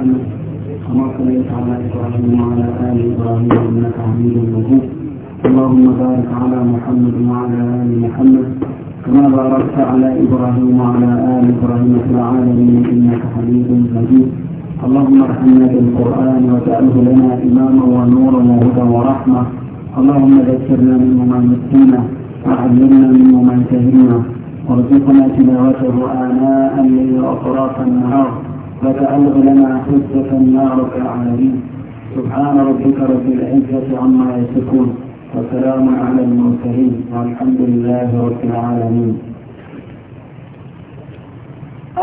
كما صليت على إبراهيم وعلى آل إبراهيم إنك حميد مجيد اللهم بارك على محمد وعلى آل محمد كما باركت على إبراهيم وعلى آل إبراهيم في العالمين إنك حميد مجيد اللهم ارحمنا بالقرآن واجعله لنا إماما ونورا وهدى ورحمة اللهم ذكرنا منه ما نسينا وعلمنا منه ما انتهينا وارزقنا تلاوته آناء الليل وأطراف النهار فتعلق لنا حجة نارك العالمين سبحان ربك رب العزة عما يصفون وسلام على المرسلين والحمد لله رب العالمين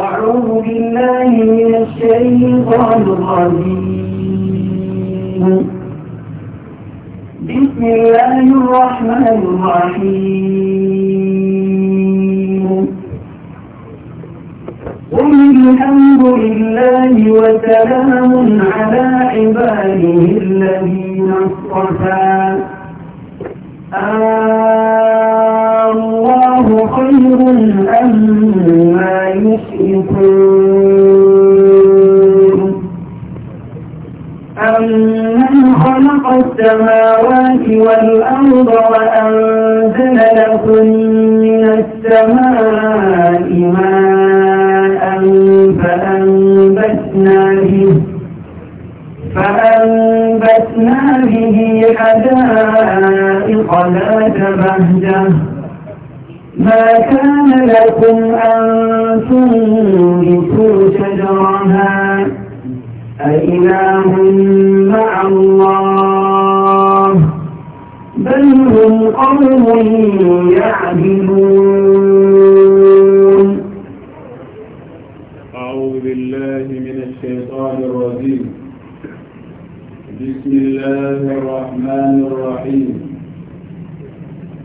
أعوذ بالله من الشيطان الرجيم بسم الله الرحمن الرحيم قل الحمد لله وسلام على عباده الذين اصطفى آه الله خير أما يشركون أمن خلق السماوات والأرض وأنزل لكم من السماء ماء فأنبتنا به حدائق ذات بهجة ما كان لكم أن تنبتوا شجرها أإله مع الله بل هم قوم يعبدون الله الرحمن الرحيم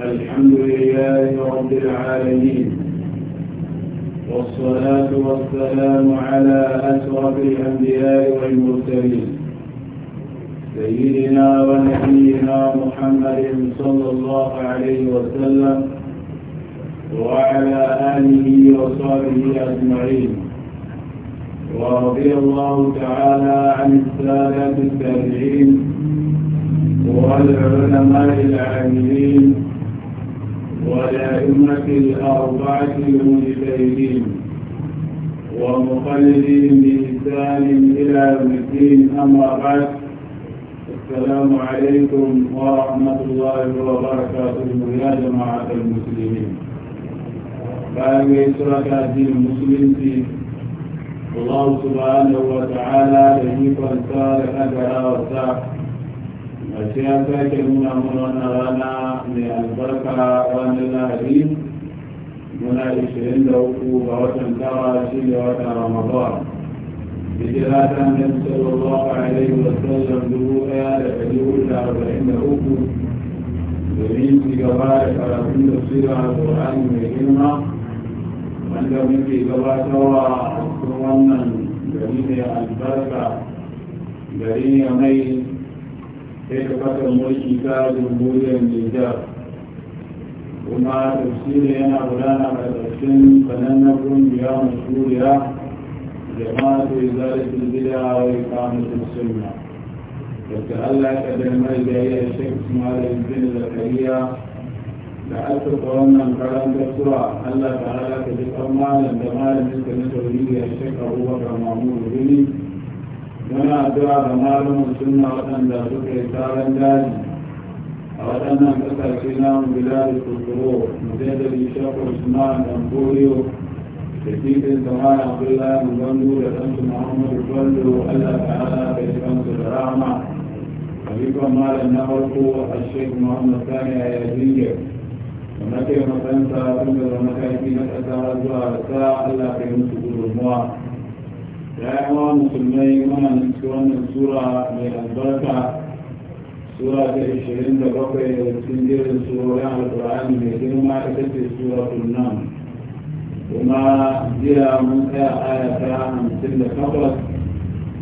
الحمد لله رب العالمين والصلاة والسلام على أشرف الأنبياء والمرسلين سيدنا ونبينا محمد صلى الله عليه وسلم وعلى آله وصحبه أجمعين ورضي الله تعالى عن السادة التابعين والعلماء العاملين والأئمة الأربعة المجتهدين ومقلدين بإحسان إلى يوم الدين أما بعد السلام عليكم ورحمة الله وبركاته يا جماعة المسلمين بعد إشراك الدين المسلم في الله سبحانه وتعالى يجيب أنصار أجرها وسعه a ce ya sake nuna mana wannan rana mai albarka ranar lahadi muna ishirin da uku ga watan tawa shi da watan ramadan hijira ta annabi sallallahu alaihi wa sallam dubu daya da dari hudu da arba'in da uku domin ci gaba da karatun da sura alƙur'ani mai girma wanda muke gabatarwa a cikin wannan gari mai albarka gari mai sai ka fata mulki ta jamhuriyar Nijar kuma tafsiri yana gudana a ƙarshen sanannen ƙungiya mashuriya jama'atu izalatul bid'a wa iqamatus sunna daga Allah ya kaddamar da ya Sheikh Ismail bin Zakariya da aka wannan karantar sura Allah ta halaka duk malam da malamin ka na tauri ya Sheikh Abubakar Mahmud Rumi muna addu'a ga malumin sunna waɗanda suka yi taron daji a waɗannan ƙasashe namu bilal kukuro mujaddadi shakur usman dan boriyo da titin samar abdullahi mugandu da ɗansu muhammadu kwallo allah ta'ala da ɗansu da rahama abubuwan malam na farko a shekaru muhammad sani a yaziyar da na taimakansa tun da mataki na ƙasa zuwa da sa allah ta yi musu gudunmuwa ya yi wa musulmai muna nufi wannan sura mai albarka sura ta ishirin da bakwai da cikin jerin surorin alkur'ani mai girma ita ce sura nan kuma jiya mun tsaya aya ta hamsin da takwas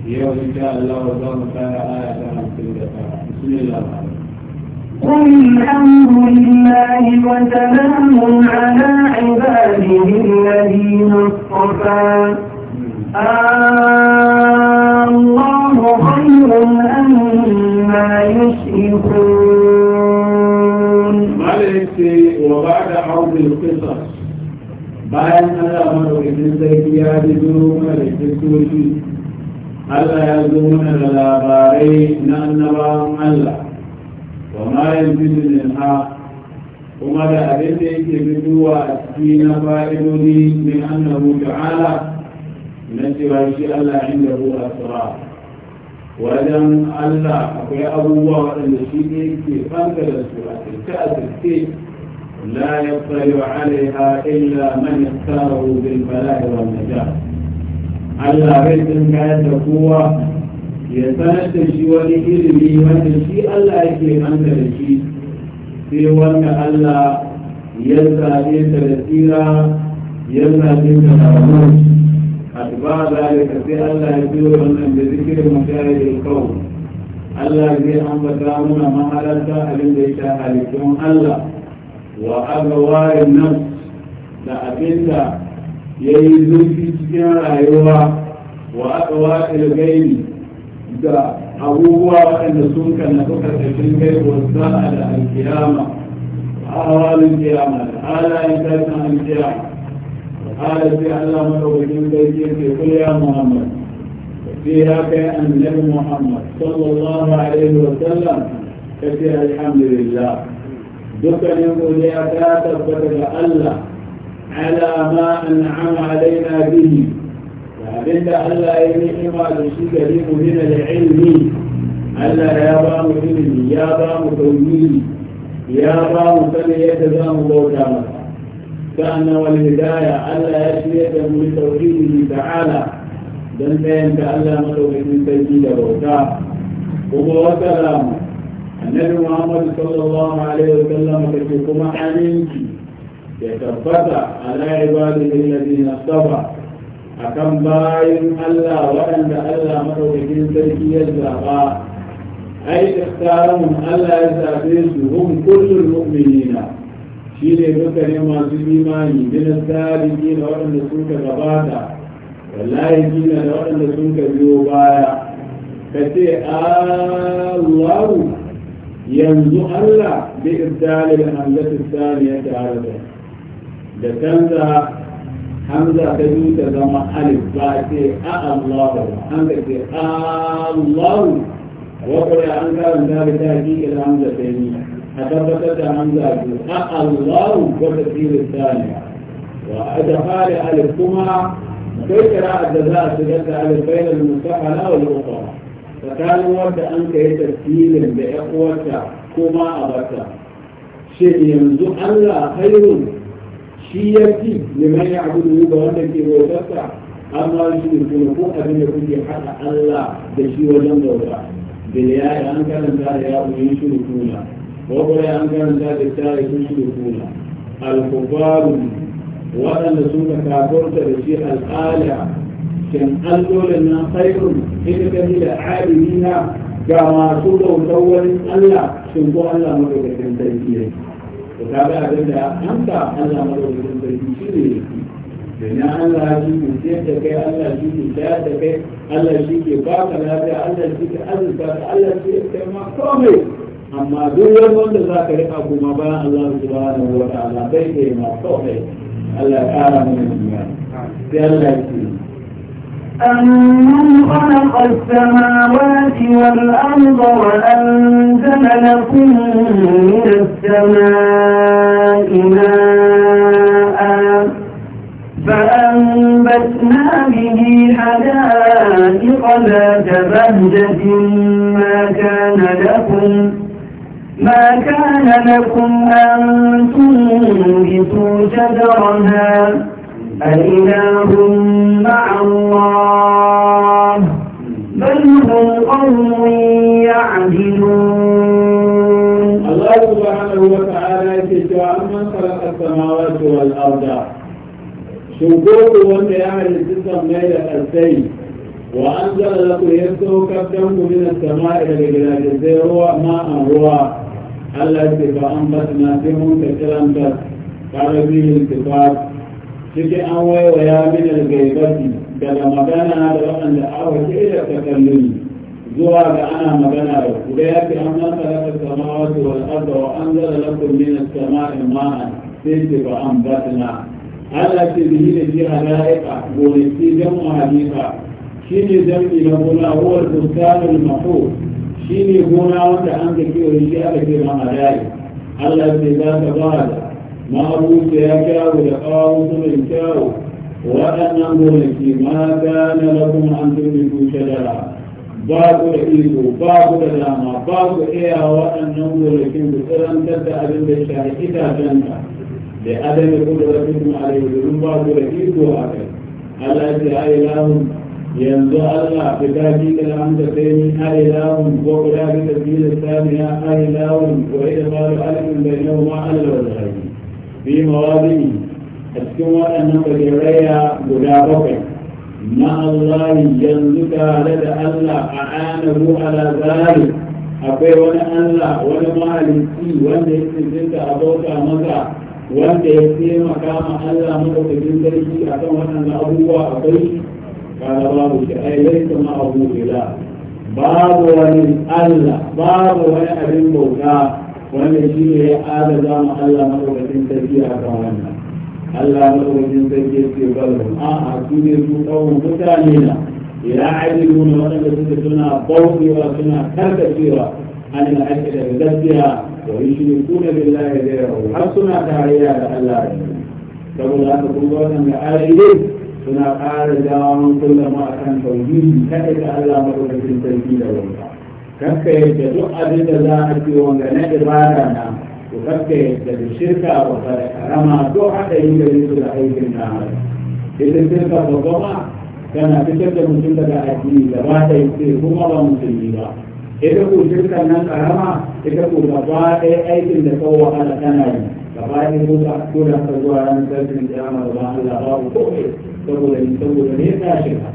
yau insha Allah za mu tsaya aya ta hamsin da tara bismillah قل الحمد لله وسلام على عباده الذين اصطفى الله خير أما يشركون ملك وبعد عرض القصص bayan Allah madaukakin sarki ya ji zo mana da kristoci Allah ya zo mana da labarai na annabawan Allah wa ma yanzu min ha kuma da abin da yake fitowa a ciki na fa'idodi min annabu ta'ala من سوى شيء الله عنده أسرار ولم ألا أخي أبو الله أن شيء في فانت الأسرار كأس الكيف لا يطلع عليها إلا من يختاره بالبلاء والنجاة ألا بيت كانت قوة يسنت الشيء لكلمي من الشيء الله يكي أنت الشيء في وقت الله يلزى إنت الأسيرة يلزى إنت الأسيرة أتباع ذلك في ألا يزيد من بذكر مشاهد الكون ألا زي أنبتا من مهلتا أبن ديشا هلكون ألا وأبوار النفس لأبنتا يزيد في سكين رأيوها وأبوار الغيب da abubuwa waɗanda sun kan na suka tafi kai wasa da alkiyama a hawalin kiyama da halayen tashin alkiyama قال في مروج مدعوكين بيتي في يا محمد فيها كأن لم محمد صلى الله عليه وسلم كثير الحمد لله دكا يقول يا كاتب فتك الله على ما أنعم علينا به فأبنت ألا ينعم بشيك لي من العلم ألا يا بام علمي يا بام توجيهي يا بام فليتزام بوتا مكان كان والهداية ألا يسليك من توحيده تعالى دنتين كألا مدوك من تجيد بوتا وهو كلام النبي محمد صلى الله عليه وسلم كتبكم حنينك يتفتى على عباده الذين اصطفى أكم باين ألا وأن ألا مدوك من تجيد أي اختارهم ألا يسافرون هم كل المؤمنين shi ne mutane masu imani mina tarihi na waɗanda sun ka gabata wallahi gina da waɗanda sun ka biyo baya ka ce allahu yanzu allah bi ibdalil hamzatu thaniya ta arafa da canza hamza ta biyu ta zama alif ba ce a allahu hamza ce allahu wa kuma an karanta da ta hakika hamza ta yi أثبتت عن ذلك الله وتسهيل الثانية وأدخال ألفهما كيف رأى الجزاء سجلت ألفين بين لا والأخرى فكان ورد أنك تسهيل بإقوة كما أبتا شيء يمزو ألا خير شيئتي لمن يعبده بوانك ويتسع أما يشركون كو أبن يكون حق الله بشيء وجنب وراء بالله أنك لم ترى يا أبن يشركون وهو كان ذات التالي يشركون الكفار وأن سوك كافرت بشيء الآلة كان ألول لنا خير إذا كان إلى عالميها كما سوك وتول ألا شنكو ألا مدوك التنسية وكذا أبدا أنت ألا ألا التنسية ألا Allah ألا ne ألا da ألا Allah ألا ne ألا da ألا Allah ألا ke ألا lafiya ألا shi ألا azurta ألا shi ألا kai ألا komai amma duk wani wanda za ka rika kuma bayan Allah subhanahu wa ta'ala bai kai ma kawai Allah ya kara mana duniya sai Allah ya ce أمن خلق السماوات والأرض وأنزل لكم من السماء ماء فأنبتنا به حدائق ذات بهجة ما كان لكم ما كان لكم أن تنبتوا شجرها أإله مع الله بل هم قوم يعدلون الله سبحانه وتعالى يكتب أمن خلق السماوات والأرض شكوك وأن يعمل يعني جسم ليلة السيد وأنزل لكم يسوع كبدهم من السماء إلى البلاد الزيروة ماء روى التي فأنبتنا في منتشرا كعربي الانتقاد لكي أنوي ويا من الغيبة كما مكان هذا الأمر لأعوه كيف تكلمي زوا كأنا مكان هذا وبيأتي أن نصر السماوات والأرض وأنزل لكم من السماء ماء سيدي فأنبتنا التي به الجهة لائقة ونسي جمعها حديثة شيني جمعي لبنا هو البستان المحفوظ shi ne gona wanda an ka kiwo shi aka ce ma hadari Allah ce za ka ba da ma'abuta ya kyawu da kawo sunan kyawu waɗannan gonaki ma ka na lakum an turbi ku shadara ba ku da iko ba ku da dama ba ku iya waɗannan gonakin ku tsirantar da abin da shahi itacen ka da adadin kudurar kuma a yau domin ba ku da iko a kai Allah ya ce a ilahun yanzu Allah fi kafi kalam da kai ni ahilahun ko guda fi tafiya samiya ahilahun ko ya da faru alifin bai nau ma Allah wa zahabi fi mawazini a cikin waɗannan bajeraya guda bakwai na Allah yanzu tare da Allah a anahu ala zari akwai wani Allah wani mahalicci wanda ya tsinta a bauta masa wanda ya taimaka ma Allah madaukakin sarki akan waɗannan abubuwa akwai قال باب أي ليس ما أقول لا باب ومن ألا باب ومن بوكا ومن شيء آل دام الله مروة تجيها كمانا ألا مروة تجيء في قلبهم آه أكيد يكون متامنا إلا عدلون وأن تسنا بوضي وسنا كثيرة عن الأكل بذاتها ويشركون بالله غيره حسنا تعالى الله كما تقول تقولون أن آل إليه suna ƙara jawon kullama a kan tauhidi kaɗai da Allah maɗaukakin sarki da wanka kakka yadda duk abin da za a ce wanga na ibada na to kakka yadda da shirka ba ta da karama duk haɗa yin da su da aikin na hada idan shirka ba goma tana fitar da mutum daga addini gaba ɗaya sai kuma ba musulmi ba ita ko shirka nan karama ita ko gaba ɗaya aikin da kawo wahala tana yi gaba ɗaya ko da zuwa ranar sarkin kiyama da ba Allah babu komai saboda saboda ne ya shiga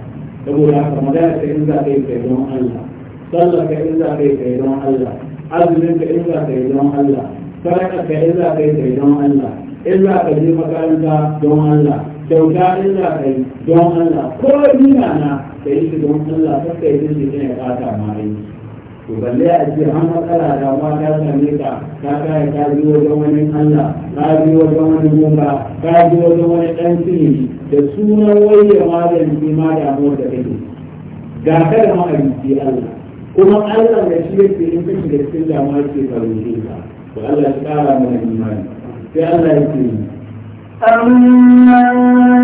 saboda haka magana ka in za ka yi kai don Allah sallar ka in za ka yi kai don Allah azumin ka in za ka yi don Allah sadaka ka in za ka yi kai don Allah in za ka je makaranta don Allah kyauta in za ka yi don Allah ko dina na ka yi shi don Allah kar ka yi shi ne ya kata ma aiki to balle a ce an matsala da ma ta same ka ka kai ka ji wajen wani Allah ka ji wajen wani gumba ka ji wajen wani dan sini da sunan waye magani ma da mu da kake ga ka da mahaifi Allah kuma Allah da shi yake in ka shiga cikin damuwa ke ka roƙe ka to Allah ya kara mana imani sai Allah ya ce أمن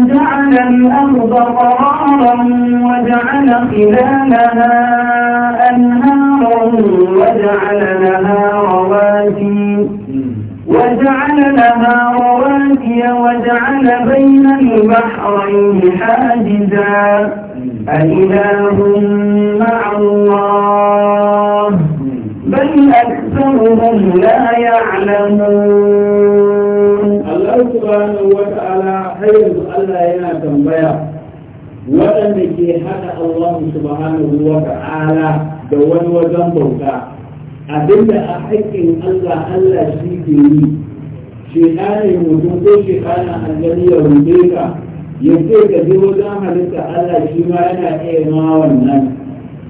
جعل الأرض قرارا وجعل خلالها أنهارا وجعل لها رواتي وجعل لها رواسي وجعل بين البحرين حاجزا أإله مع الله بل أكثرهم لا يعلمون subhanahu wa ta'ala har yanzu Allah yana tambaya waɗanda ke haɗa Allah subhanahu wa ta'ala da wani wajen bauta abinda a haƙƙin Allah Allah shi ke yi shekanin mutum ko shekanin aljani ya rube ka ya ce ka je wajen halitta Allah shi ma yana iya ma wannan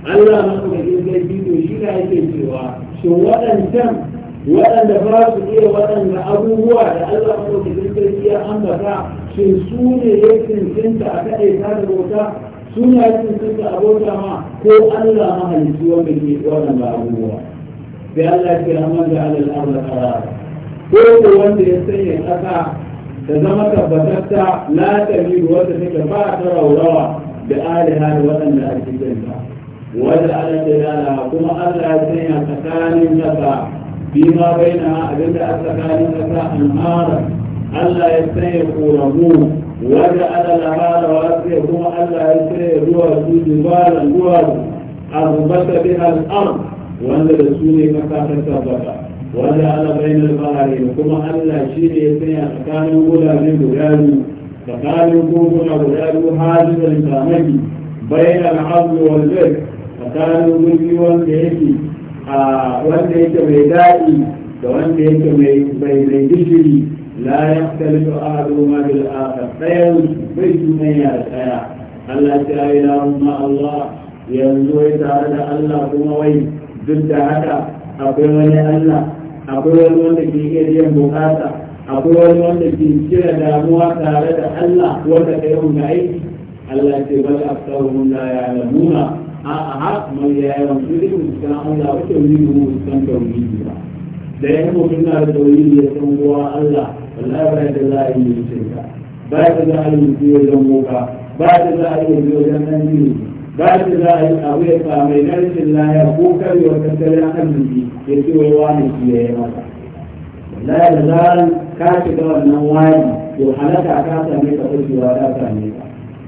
Allah maɗaukakin sarki to shi na yake cewa shin waɗancan waɗanda ba su iya waɗanda abubuwa da Allah ko da kirkirki ya ambata shin su ne ya kinkinta a kaɗai ta da bauta su ne ya kinkinta a bauta ma ko Allah ma halittu wanda ke waɗanda abubuwa sai Allah ke raman da Allah al'amma karara ko ko wanda ya sanya ƙasa da zama tabbatatta la ta biyu wanda take ba ta raurawa da aliha da waɗanda ake jinta wanda Allah ta yana kuma Allah ya sanya tsakanin ƙasa فيما بينها أبدا أتكاليك أنهارا ألا يستيقوا رموه وجعل لها رواسيكم ألا يستيقوا جبالا جوال أربت بها الأرض وأن رسولي مكافة سبقا وجعل بين البحرين ثم ألا شيء يستيقوا كانوا ولا من بلاد فكانوا كنا بلاد حاجز الإسلامي بين العظم والبر فكانوا ملكي والبيت wanda yake mai daɗi da wanda yake mai mai gishiri la yaktalifu ahaduma bil akhar dayan bai tunanya da daya Allah ta ilahu ma Allah yanzu ya tare da Allah kuma wai duk da haka akwai wani Allah akwai wani wanda ke iya biyan bukata akwai wani wanda ke kira damuwa tare da Allah wanda kai wanda aiki Allah ce bal aktaruhum la ya'lamuna a'a mai yaya wani irin kan Allah wata wuri mu san tauhidi ba da ya mu kina da tauhidi ya san kowa Allah wallahi ba da za a yi shirka ba da za a yi biyo da moka ba da za a yi biyo da nan ne ba da za a yi abu ya sa mai narshin laya ko karewa tattalin arziki ya ce wai wani shi ya yi masa wallahi da zaran ka shiga wannan wani to halaka ka same ka fashewa ta same ka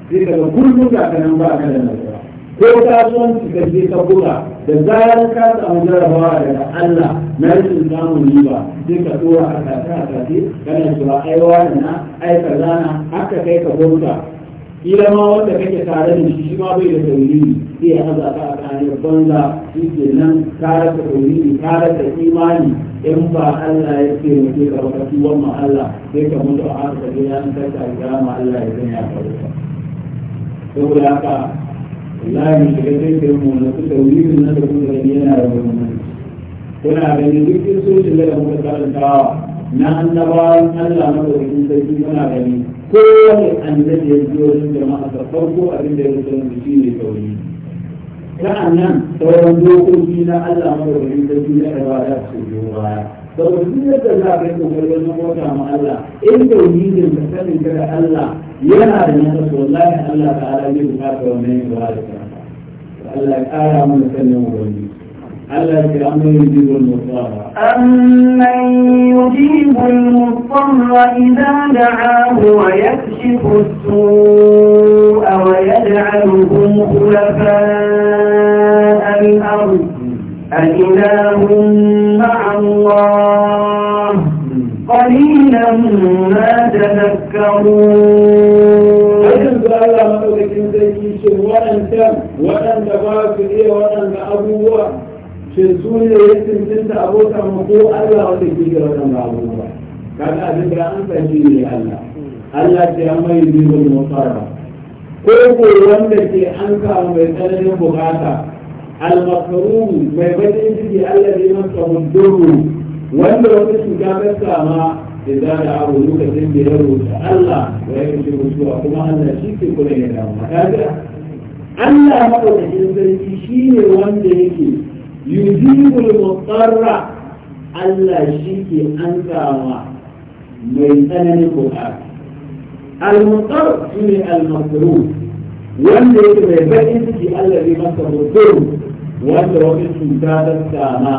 sai daga kullum ka nan ba ka da nasara ko kasuwanci ka je ka buga da zarar ka samu jarabawa daga Allah na rashin samun riba sai ka tsora a kasa a kasi kana cewa ai wani na ai kaza na haka kai ka bauta kila ma wanda kake tare da shi shi ma bai da tauriri sai ya haza ka a kayan banza shi ke nan kare ka tauriri kare ka imani in ba Allah ya ce mutu ka baka tuwon ma Allah sai ka mutu a haka ka je ya an kasa ma Allah ya sanya ka wuta. Saboda haka wallahi mu shiga sai kai mu na kusa wuri na da kuma gani yana da wannan kuna gani duk in sojin da muka karantawa na annabawan Allah madaukakin sarki muna gani kowane annabi ya ji wajen jama'a da farko abin da ya rubuta mu shi ne tauri sa'annan sauran dokoki na Allah madaukakin sarki ya raba da su baya ba ku sun yadda za a kai kokar wajen bauta ma Allah in tauhidin ka sanin ka da Allah yana da nasa wallahi Allah ta ala ne ku kafa wa mai ba da ka Allah ya kara mana sanin wani Allah ya kira mai yujibu al-mutsara amman yujibu al-mutsara idza da'ahu wa yakshifu as-su'a wa yaj'alukum khulafa'a al-ard أإله مع الله قليلا ما تذكرون أجل الله مدوكين زكي شر وأنتم وأنت باكر وأنت أبوه shin su ne ya tuntunta abota mu ko Allah wanda ke jira wannan abubuwa kaga abin da an san shi ne Allah Allah ce an mai zuwa mutsara ko ko wanda ke an samu mai tsananin bukata المحروم من بدء به الذي نصب الدر وانت لو تسمي كابتا ما إذا دعوا لك تنبي له تألا ويمشي مشروع كما أن الشيك يكون هنا هكذا ألا مرة حزن تشيني وانت هكي يجيب المضطر ألا شيك أنت ما من أنك هكذا المضطر من المفروض وانت يتبع بأنك الذي مصر الدر wanda wani cuta ta sama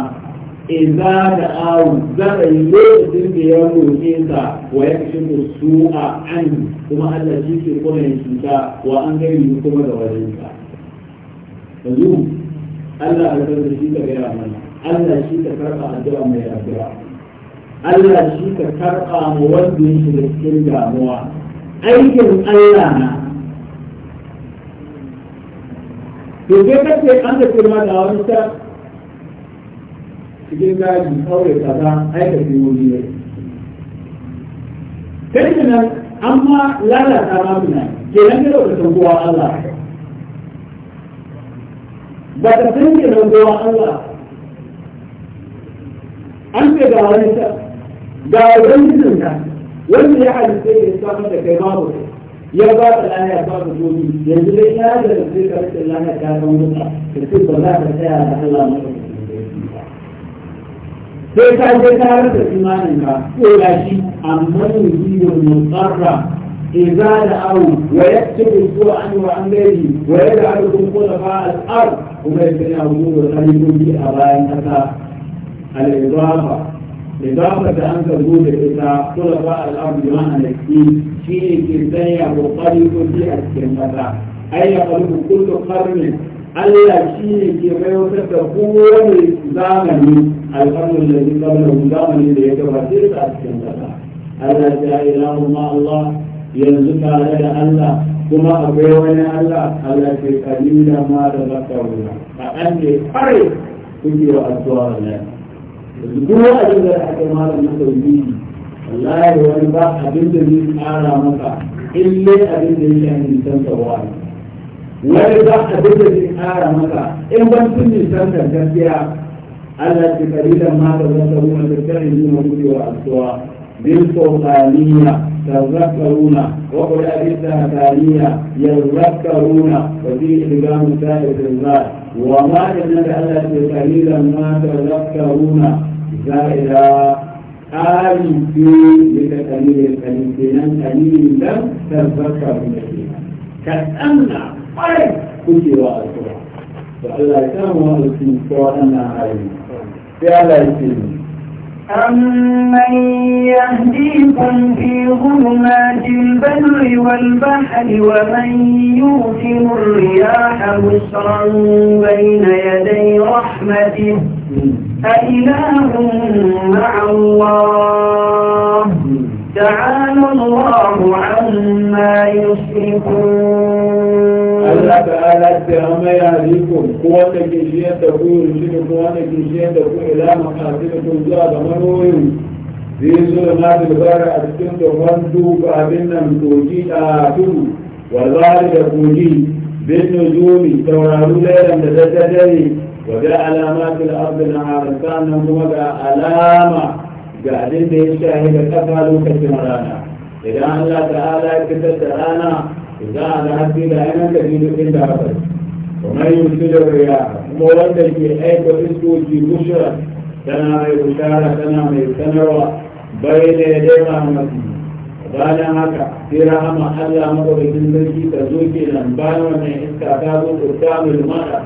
idza da awu zai lokacin da ya roƙe sa wa ya kashe su'a an kuma Allah shi ke kuma ya cuta wa an gani kuma da wajen sa yanzu Allah albarka shi ka gaya mana Allah shi ka karɓa addu'a mai addu'a Allah shi ka karɓa mu wanda ya shiga cikin damuwa aikin Allah na to sai kace an da firma da wani ta cikin gaji aure kaza aika fiyoyi ne kai nan amma lalata ma muna kenan kada ka san kowa Allah ba ka san kenan kowa Allah an ce ga wani ta ga wani jinta wanda ya halitta ya samu da kai babu ya ba ka lahiya ba ka zo yanzu dai na da da sai ka rike lahiya ka ga mutu da sai ba za ka tsaya da Allah mu sai ka je ka rasa imanin ka ko da shi amma ne yiwo mutsarra إذا دعوا ويكتب السوء عنه وعن غيره ويجعلكم خلفاء الأرض وما يبنى أمور خليكم في أبائنا الإضافة إضافة أن تقول إذا خلفاء الأرض ما أنكي شيء الدنيا وقلب في الكلمة أي قلب كل قرن ألا شيء كيفية تقول زامني القرن الذي قبله زامني في الكلمة ألا جاء إله ما الله ينزل على الله كما أبيوني الله ألا في قليل ما تذكرون فأنت قريب كنت وأدوار الله duk wa'azin da aka malam na tauhidi wallahi wani ba abin da zai tsara maka illai abin da ya shafi nisan tawari wani ba abin da zai tsara maka in ban sun nisan da gaskiya Allah ce kalilan ma da zan samu na tattalin jima gudewa asuwa بالفرقانية تذكرون وقل بالسهتانية يذكرون وفي إدغام سائر الزاد وما إنك ألا قليلا ما تذكرون زائد قالوا في لك قليل القليل بنا قليل لم تذكر بنفسها كأن قريب كتب القرآن فالله كان هو الاسم قرآن عالم فعلا الاسم أمن يهديكم في ظلمات البر والبحر ومن يوكل الرياح بشرا بين يدي رحمته أإله مع الله تعالى الله عما يشركون Allah ta'ala ta amaya rikon ko wanda ke shiyar da ku rushe ko wanda ke shiyar da ku ila makasiri ko zuwa ga manoyin zai zo da na dubara a cikin da wandu ba abin nan kogi a tudu wallahi da kogi bin nujumi tauraru lailan da daddare wa ga alamatul ardi na harantan nan kuma ga alama ga abin da ya shahi da kafa lokacin rana idan Allah ta'ala ya fitar da rana إذا أنا هدي لأنا تجد إلا أبدا ومن يرسل الرياح مولاً تجي أيك وإسكو في بشرة تنا مي بشارة تنا مي سنوى بين يدي رحمته بانا هكا في رحمة الله مقبل تنزلتي تزوكي لن بانا من إسكاتاتو قدام المرأة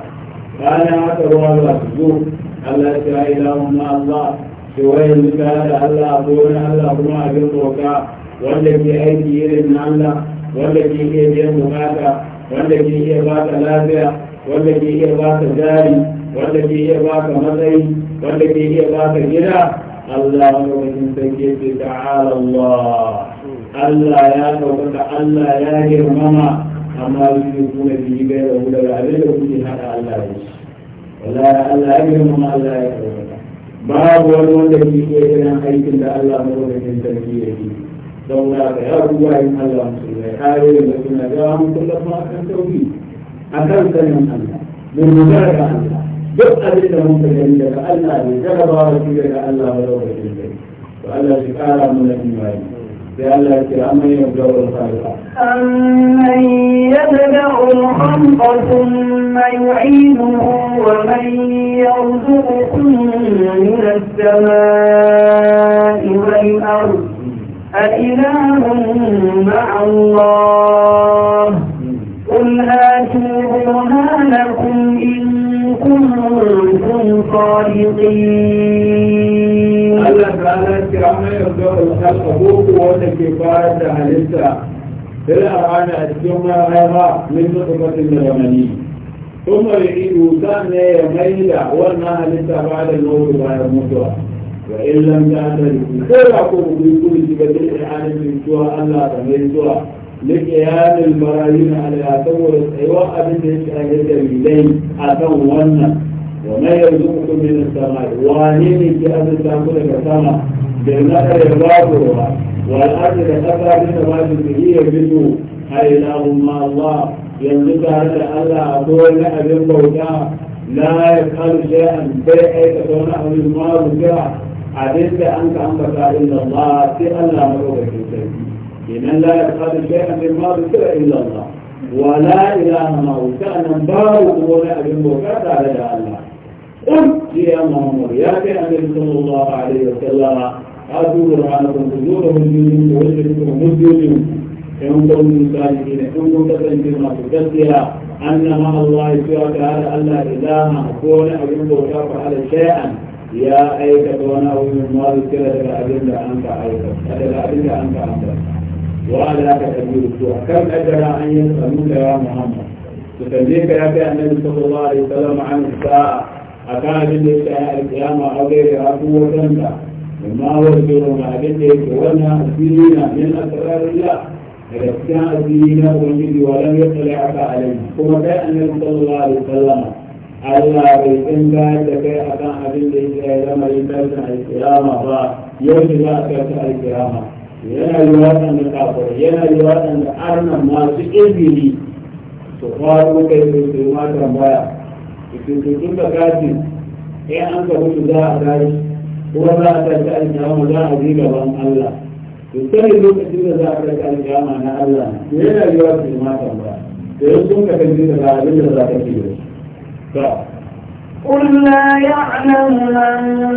بانا هكا رواه الله Allah ta yi lamun Allah shi wayan duka da Allah ko wani Allah kuma abin roka wanda ke aiki irin na Allah wanda ke iya biyan bukata wanda ke iya baka lafiya wanda ke iya baka jari wanda ke iya baka matsayi wanda ke iya baka gida Allah mawakin sarki ce ta'ala Allah Allah ya ɗaukaka Allah ya girmama amma yi kuna biyu gai da wuda da abin da kuke haɗa Allah da shi wallahi Allah ya girmama Allah ya ɗaukaka babu wani wanda ke iya irin aikin da Allah mawakin sarki ya yi saboda ka ya ruwa yin Allah musulmai ayoyin da suna jawo mu kullum ma kan tauhi a kan sanin Allah mun dogara ga Allah duk abin da mun ka gani daga Allah ne jarabawa shi daga Allah ba daukar jin kai to Allah shi kara mana imani sai Allah ya ce amman yabda wal khaliqa amman yabda al khalqa thumma yu'iduhu wa man yarzuqukum min as-samaa'i wal ardh أإله مع الله قل هاتوا برهانكم إن كنتم صادقين Allah ta'ala kira mai yanzu a rubutu wanda ke bayar da halitta sai a rana a cikin mahaifa min tsakatin da ramani kuma da ido sa ne ya mai da wannan halitta ba da nau'i bayan mutuwa وإن لم تعتدوا خير بكل سبب الإعانة من سوى ألا تميل سوى لقيام المرايين على أطول السواء من الشهادة اليدين أتونا وما يرزقكم من السماء وانين كأب السامون كسامة بالنهر الرابع والأرض لقطع من سماء به يجدوا أي لهم الله ينزل على ألا أطول أبن بوتا لا يفعل شيئا بيعك تونة من ما رجع حديث بأنك أنبت إلا الله في ألا مروبة الكلمة لمن لا يتخذ شيئا في الماضي كلا إلا الله ولا إله ما هو كأن أنباره ولا أبن بركات على الله قلت يا مهمور يا في أمير صلى الله عليه وسلم أدور عنكم تدوره الجنين ويجبكم مزيدين إن قلت المساجدين إن قلت تنجيما تكسيها أنما الله سيرك على الله إله ما هو كأن أبن بركات على شيئا ya aikata wani abu min malu kira daga abin da an ka aikata daga abin da an ka ambata wa da aka tabiru to kan kaddara an yi sanu da ya muhammad to kalle ka ya kai annabi sallallahu alaihi wasallam an sa'a akan abin da yake a kiyama a gaire a kuma wanda amma wanda ya ma abin da yake wannan asiri na min asrarillah daga cikin asiri na ubangiji wa lam yatsali aka alaihi kuma kai annabi sallallahu alaihi wasallam Allah bai san bayar da kai a kan abin da yake ya zama yin tashin alkirama ba yau da za a tashi alkirama yana yi waɗanda kafirai yana yi waɗanda arnan masu ibili su faru kai su su ma tambaya su su tun da kati in an ka mutu za a tashi kuma za a tashi alkirama za a ji gaban Allah to sai lokacin da za a tashi alkirama na Allah to yana yi waɗanda ma tambaya to yanzu kun ka kan ji da abin da za ka ci da shi قل لا يعلم من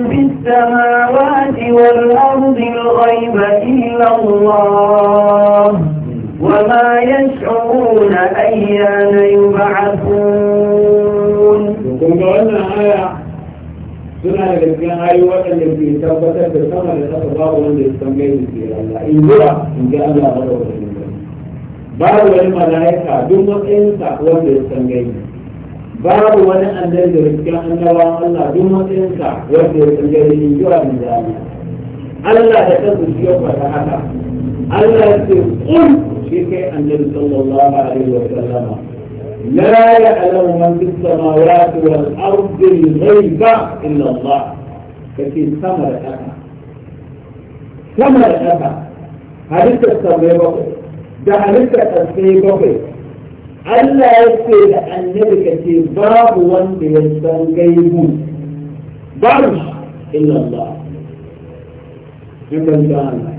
في السماوات والأرض الغيب إلا الله وما يشعرون أيان يبعثون suna da cikin ayi waɗanda ke tabbatar da sama da ƙasa babu wanda ya san gaibi ke Allah in jira in ji Allah ba da wani babu wani mala'ika duk matsayinsa wanda ya san gaibi babu wani annabi da cikin annabawan Allah duk matsayinka wanda ya san gare shi zuwa min zani Allah da kansa shi ya faɗa haka Allah ya ce kun shi kai annabi sallallahu alaihi wa sallam la ya'lamu man fis samawati wal ardi al-ghaiba illa Allah kace sama da haka sama da haka halittar sabai bakwai da halittar sabai bakwai Allah ya ce da annabi ka ce babu wanda ya san gaibu babu illa Allah in ban da Allah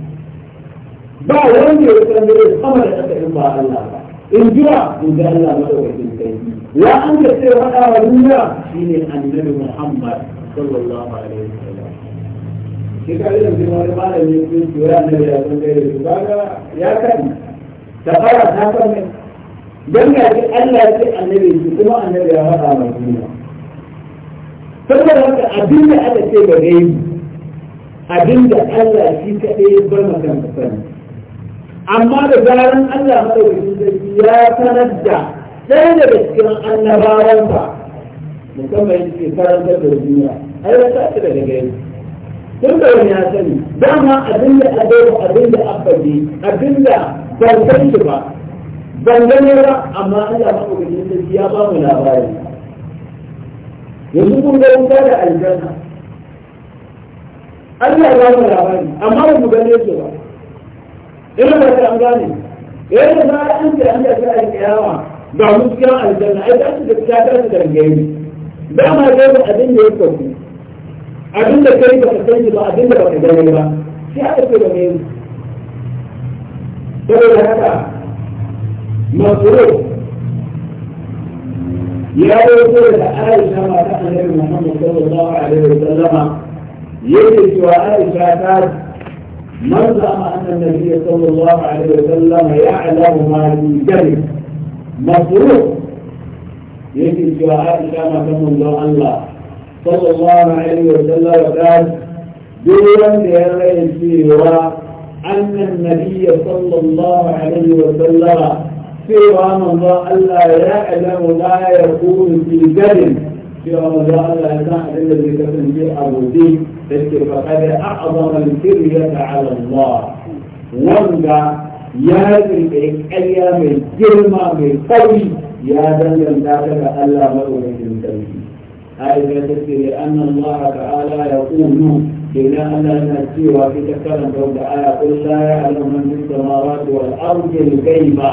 ba wanda ya san gaibu sama da kasa in ba Allah ba in jira in ga Allah madaukakin kai ya an ka ce faɗa wa duniya shine annabi Muhammad sallallahu alaihi wasallam shi ka irin jin wani malami ya ce ya annabi ya san gaibu kaga ya kan ta fara ta kan dan ga shi Allah ya annabi shi kuma annabi ya faɗa wa duniya saboda haka abin da aka ce ga gaibi abin da Allah shi kaɗai ya bar makan sani amma da zaran Allah madaukakin sarki ya sanar da ɗaya daga cikin annabawansa musamman yake karantar da duniya ai ya sa daga gaibi tun da wani ya sani dama abin da abin da abin da ban san shi ba ban gani ba amma Allah maɗaukakin sarki ya ba mu labari yanzu kun ga wuta da aljanna Allah ya ba mu labari amma ba mu gane su ba ina ba ta gane yayin da an ce an ce a kiyama ga mu cikin aljanna ai da su da ta ta da gani da ma ga abin da ya faru abin da kai ba ka sani ba abin da ba ka gani ba sai aka ce da me saboda haka مفروض يا رسول عائشة ما تقل محمد صلى الله عليه وسلم يجلس وعائشة قال من زعم أن النبي صلى الله عليه وسلم يعلم ما في جنب مفروض يجلس وعائشة ما تقل الله صلى الله عليه وسلم قال دون يرى سوى أن النبي صلى الله عليه وسلم سبحان الله لا يعلم لا يكون في الجدل في رمضان لا يسمح الا بكفن في ارضي فقد اعظم الكرية على الله وانجا يا ذلك ايام الجرمة من قوي يا ذلك ينتاجك الله ما هو من هذا تذكر أن الله تعالى يقول بناء أن المسيح في تكلم رب قل لا يعلم من في السماوات والأرض الغيبة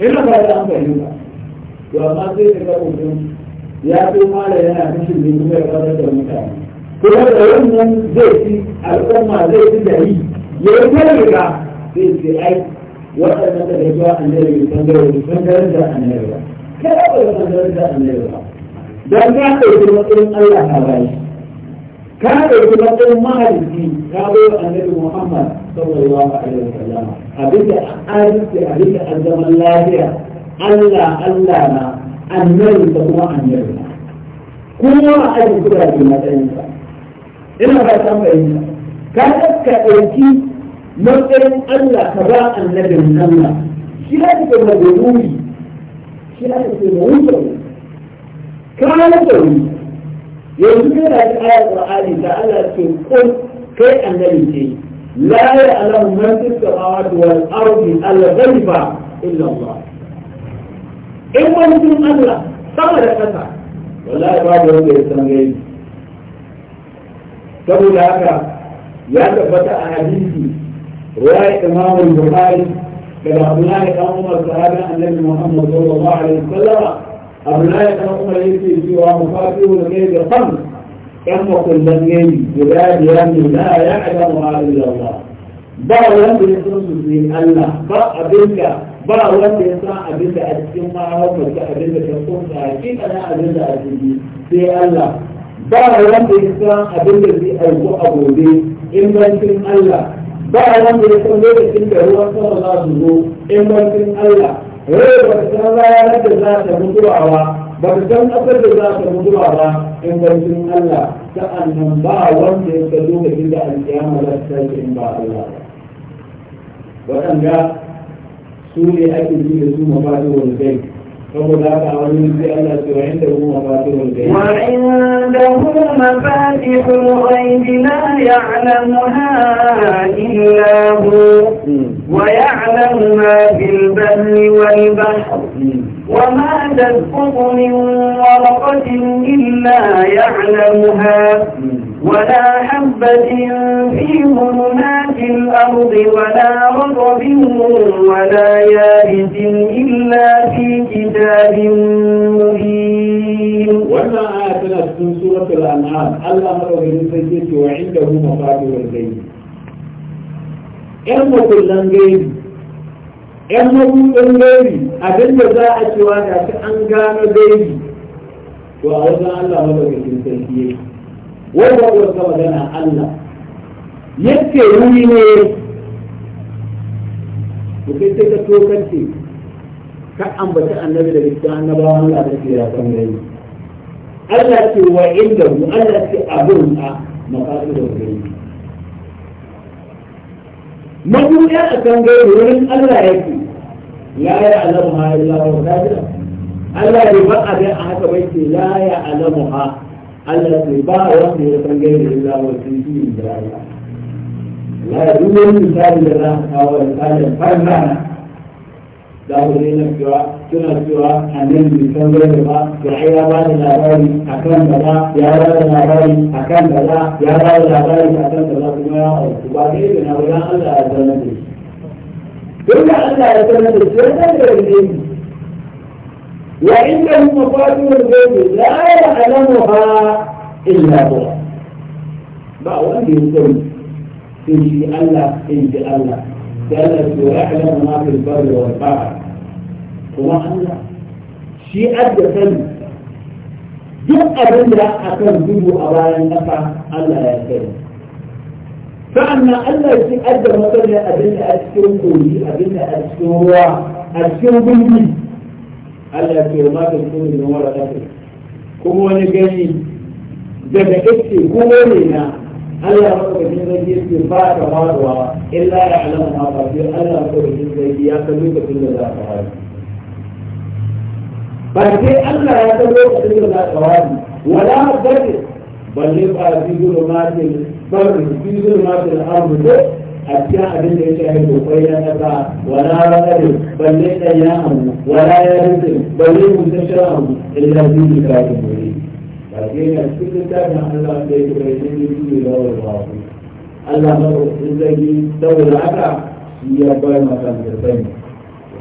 ina ba ta amfani ba to amma sai ka ga mutum ya fi mala yana kashin ne kuma ya kasar da mutane kuma da wannan zai fi al'umma zai fi da yi ya yi ta riga zai ce ai waɗannan da ya zuwa annabi san da wani san da da annabi ba kai ba san da da annabi ba dan ka ɗauki matsayin Allah ka bayi ka ɗauki matsayin mahalici ka zo annabi Muhammad sallallahu alaihi wasallam abin da arziki abin da zaman lafiya Allah Allah na annabi da kuma annabi na kuma a aji kuda ke matsayin sa ina ba san bayyana ka ka ɗauki matsayin Allah ka ba annabin Allah shi ya ce da shi ya ce da wuce ka na da يذكر الآيات والحديث على تقول كي أنني تي لا يعلم من في السماوات والأرض الغيب إلا الله إن كنتم أدلى صبر كذا ولا يراد رب السمعين كم ذاك يا تبت أحاديثي رواية إمام البخاري كما أبناء أمم الصحابة النبي محمد صلى الله عليه وسلم abin aya ta kuma yake cewa mufafiru da kai da fan yan makullan yayi guda biyar ne la ya alamu halin Allah ba wanda ya san su sai Allah ba abinda ba wanda ya san abinda a cikin mahaifar da abinda ta kunsa hakika na abinda a ciki sai Allah ba wanda ya san abinda zai auku a gobe ingancin Allah ba wanda ya san lokacin da ruwan sama za su zo ingancin Allah eh ba ta san ranar da za ta mutuwa ba ba ta san ƙasar da za ta mutuwa ba in barcin Allah sa'annan ba wanda ya san lokacin da alƙiyama za ta tashi in ba Allah ba waɗanda su ne ake ji da su mafatihul gaibi وعنده مفاتح الغيب لا يعلمها إلا هو ويعلم ما في البر والبحر وما تسقط من ورقة إلا يعلمها ولا حبة في ظلمات الأرض ولا رطب ولا يابس إلا في كتاب مبين وما آتنا في سورة الأنعام الأمر بالسجد وعنده مفاتيح الغيب ‘Yan makullan gaibi, ‘yan mabuɗin gaibi, abinda za a أن da an gano gaibi, to a wajen Allah sarki yake. wanda ya ga magana Allah yake wuri ne to kai sai ka tokance ka ambaci annabi da cikin annabawan Allah da ke ya san gani Allah ce wa inda mu Allah ce abun a makasu da gani mabuya a kan gani wurin Allah yake la ya alamu ha illa wa kadira Allah bai ba a haka bai ce la ya alamu ha Allah ce ba a wasu ya san gani illa wa sun fi yin birane la duk wani misali da za a kawo misalin farna za ku ne na cewa suna cewa a nan bai san gani ba ya ya ba da labari a kan kaza ya ba da labari a kan kaza ya ba da labari a kan kaza kuma ya auku ba dai da na wajen Allah ya sanar da shi. Duk da Allah ya sanar da shi ya sanar da shi وإنه مفاتن الغيب لا يعلمها إلا هو بقى وأنت يقول إن شاء الله إن شاء الله قال يعلم ما في البر والبحر هو الله شيء أدى فن دون أبن لا أكن دون أبايا نفع الله يكن فأنا الله يقول أدى مطلع أبن أسكن قولي أبن أسكن هو أسكن قولي Allah ya ce ma ta kuma da wara ta kuma wani gani daga ake kuma ne na Allah ya ce jin zai ce ba ta faruwa illa ya alama ma ba sai Allah ya ce jin zai ya san lokacin da za ta faru ba sai Allah ya san lokacin da za ta faru wala dare balle ba fi zulmatin barri fi zulmatin ardi أتيا أبن ليس يهدو قيلا نفع ولا ولد بل ليس ياهم ولا يرد بل ليس منتشرهم إلا في كتاب مبين لكن كل كتاب الله ليس بيني به لو الغافل الله مرة إزاي دولة أكا هي باي مكان الثاني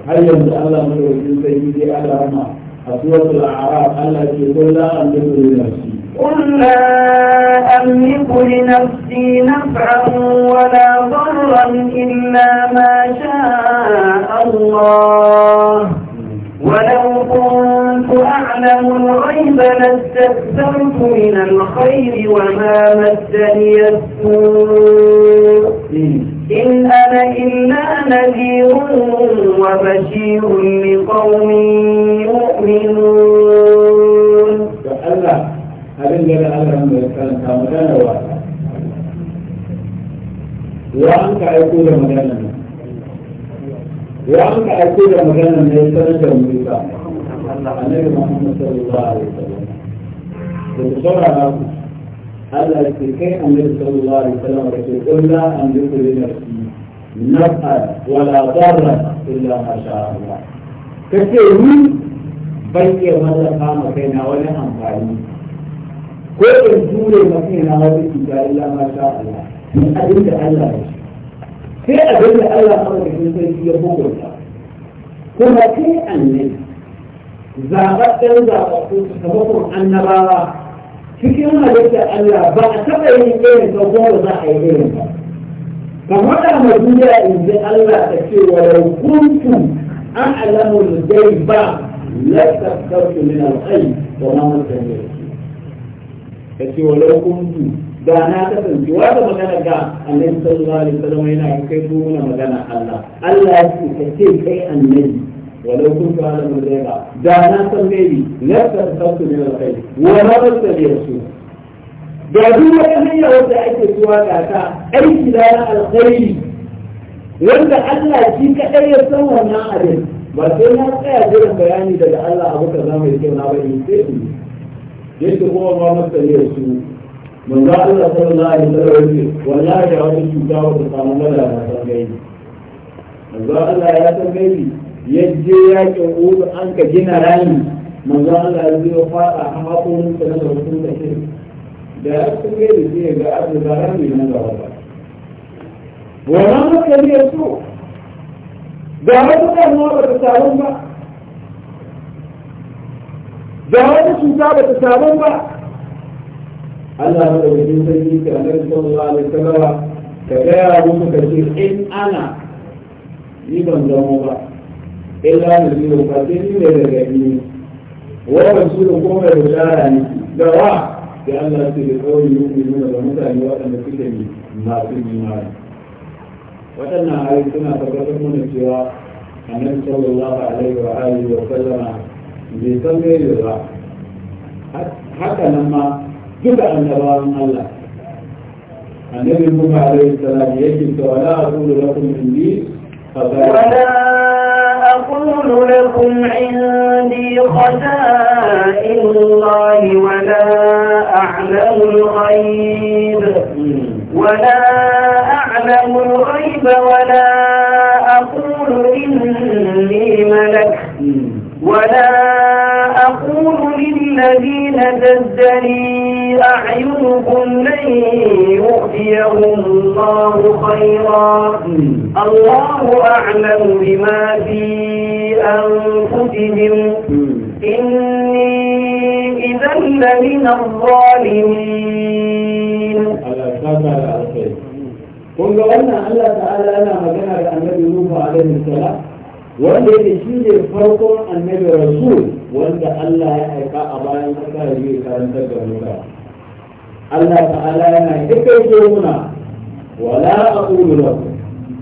هل يمد الله مرة إزاي دي على رمى أسورة الأعراف التي قل لا أملك لنفسي قل لا أملك لنفسي نفعا ولا ضرا إلا ما شاء الله ولو كنت أعلم الغيب لاستكثرت من الخير وما مسني السوء إن أنا إلا نذير وبشير لقوم يؤمنون abin da Allah ran mai karanta magana wa wa an ka aiko da magana ne wa an ka aiko da magana ne sanar da Musa annabi Muhammad sallallahu alaihi wasallam da saurara ku Allah ya ce kai annabi sallallahu alaihi wasallam da ke kulla an duku da nafsi naf'a wala darra illa ma sha Allah kace ni ban iya mallaka ma kaina wani amfani ko in jure ma kaina wata cuta illa ma sha Allah duk abin da Allah ya ce sai abin da Allah madaukakin sarki ya hukunta kuma kai annabi zaɓaɓɓen zaɓaɓɓu sakamakon annabawa cikin halittar Allah ba a taɓa yin irin ka ko za a yi irin ka kamar da mai duniya in ji Allah ta ce wa kuntum a'lamu al-ghaiba la tastartu min al-ghayb wa ma mutane ka ce wa kuntu da na kasance wata magana ga annabi sallallahu alaihi wasallam yana kai muna magana Allah Allah ya ce ka ce kai annabi ولو كنت اعلم الغيب دعنا سميلي نفس الخلق من الخير وما بس برسول da duk wata hanya wanda ake zuwa ga ta aiki da na alkhairi wanda Allah shi kaɗai ya san wannan abin ba sai na tsaya jiran bayani daga Allah abu kaza mai kyau na bane sai yadda kuma ba masa ne su man za Allah sallallahu alaihi wasallam ne wallahi ya wani cuta ba ta samu mana na san gaibi manzo Allah ya san gaibi yaje ya ke uku an ka gina rani manzo Allah ya zo fara a hakonin sa na da wasu da shi da ya san gaibi sai ga abu da rani nan da wata wannan mutane su ga wata da ba ta samu ba da wani cuta ba ta samu ba Allah da wajen sarki ka annabi sallallahu alaihi wasallam ka gaya musu ka ce in ana ni ban zama ba illa na biyu ba sai ni ne daga ni wa rasulun ko mai bishara ne da wa da Allah ce da kawai yu'minu da mutane waɗanda suke ne masu imani waɗannan hari suna tabbatar mana cewa annabi sallallahu alaihi wa alihi wa sallama bai san gaibe ba haka nan ma duka annabawan Allah annabi Musa alaihi salam yake cewa la aqulu lakum indi أقول لكم عندي خزائن الله ولا أعلم الغيب ولا أعلم الغيب ولا أقول إني ملك ولا وَيَقُولُ لِلَّذِينَ تَزْدَرِي أَعْيُنُكُمْ لَنْ يُؤْتِيَهُمُ اللَّهُ خَيْرًا اللَّهُ أَعْلَمُ بِمَا فِي أَنفُسِهِمْ إِنِّي إِذًا لَمِنَ الظَّالِمِينَ kun ga wannan Allah ta'ala yana magana da annabi Nuhu alaihi salam wanda yake shi ne farkon annabi rasul wanda Allah ya aika a bayan kasa da zai karantar da muka Allah ta'ala yana duka yake muna wala aqulu lakum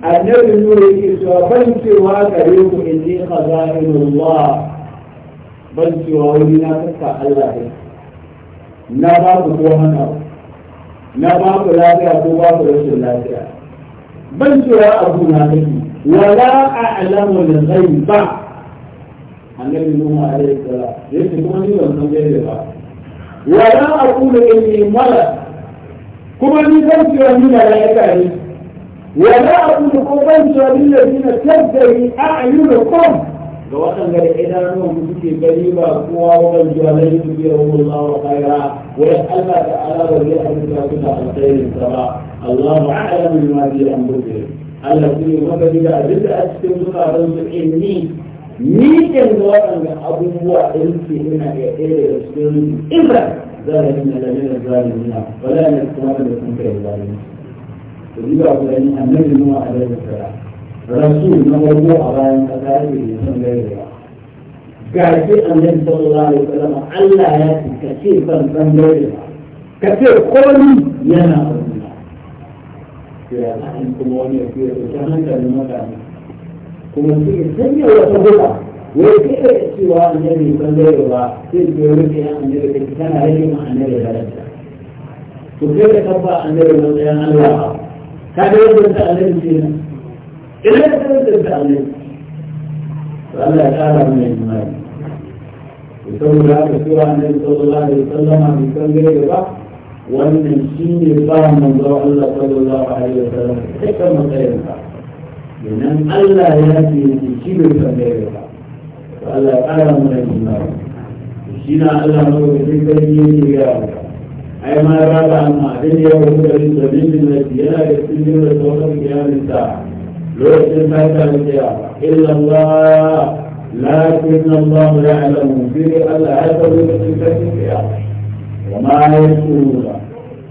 annabi nuru yake cewa ban cewa gare ku inni khaza'inullah ban cewa wani na kasa Allah ne na ba ku ko hana na ba ku lafiya ko ba ku rashin lafiya ban cewa abu na kake wala a'lamu al-ghaiba annabi nuhu alaihi salam yace kuma ni ban san gaibe ba wala aqulu inni malak kuma ni ban cewa ni malaika ne wala aqulu ko ban cewa lil ladina tadri a'yunukum ga waɗanda da idanuwan ku suke gani ba kowa ba ban cewa lai su biya wa Allah wa khaira wa ya Allah ta'ala ba zai amsa ku da alkhairin sa ba Allahu a'lamu bima fi anfusihim Allah shi ne maka da abin da a cikin zukatansu inni miƙin da waɗanda abubuwa da yake ina iya ɗaya da cikin ibra zalimi na lalina zalimi na wala ne kuma da kun kai zalimi to ni ba ku da ni annabi mu a da sara rasul na farko a bayan kasa yake da san gairewa ga shi annabi sallallahu alaihi wasallam Allah ya ce ka ce ban san gairewa ka ce komai yana wannan ya ta an kuma wani ya fiye da hankali mutane ومسيح الدنيا ويصدقها ويكفر سوى النبي صلى الله عليه وسلم في بيوتنا النبي كان عليهم النبي بلدنا وكيف تبقى النبي صلى الله عليه وسلم كان يدرس النبي فينا إلا يدرس النبي فألا تعالى من الإيمان يسوي ذلك سوى النبي صلى الله عليه وسلم في كل ومن الشين يقام من الله صلى الله عليه وسلم حتى ما خير إنهم ألا يأتي من كبر فليرها فألا قال من الإمام الشينا ألا نور في الدنيا أي ما رابع ما دنيا وهو من سبيل التي لا يستجيب لصوت القيام الساعة لو استمتعت بالقيامة إلا الله لكن الله يعلم به ألا هذا هو من القيامة وما يشكرون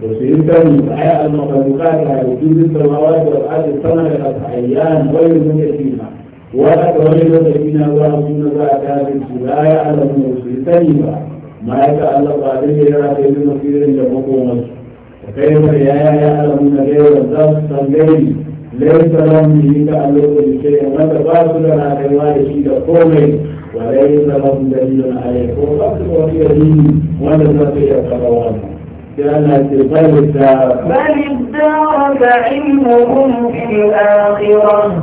وسيمكن بحياء المخلوقات على وجود السماوات والارض الثمنة ايام غير ميتينة ولا غير الذين ظالمون بعد لا يعلمون سيمكن ما يتعلق به يرى في المصير لحكومته وكيف لا يعلمون غير الدرس الليل ليس لهم به تعلق بشيء وتباطل على الله روايته كقومه وليس لهم دليل عليه وقد وفي دين ونزل في القرآن كانت بل بل ادارك علمهم في الآخرة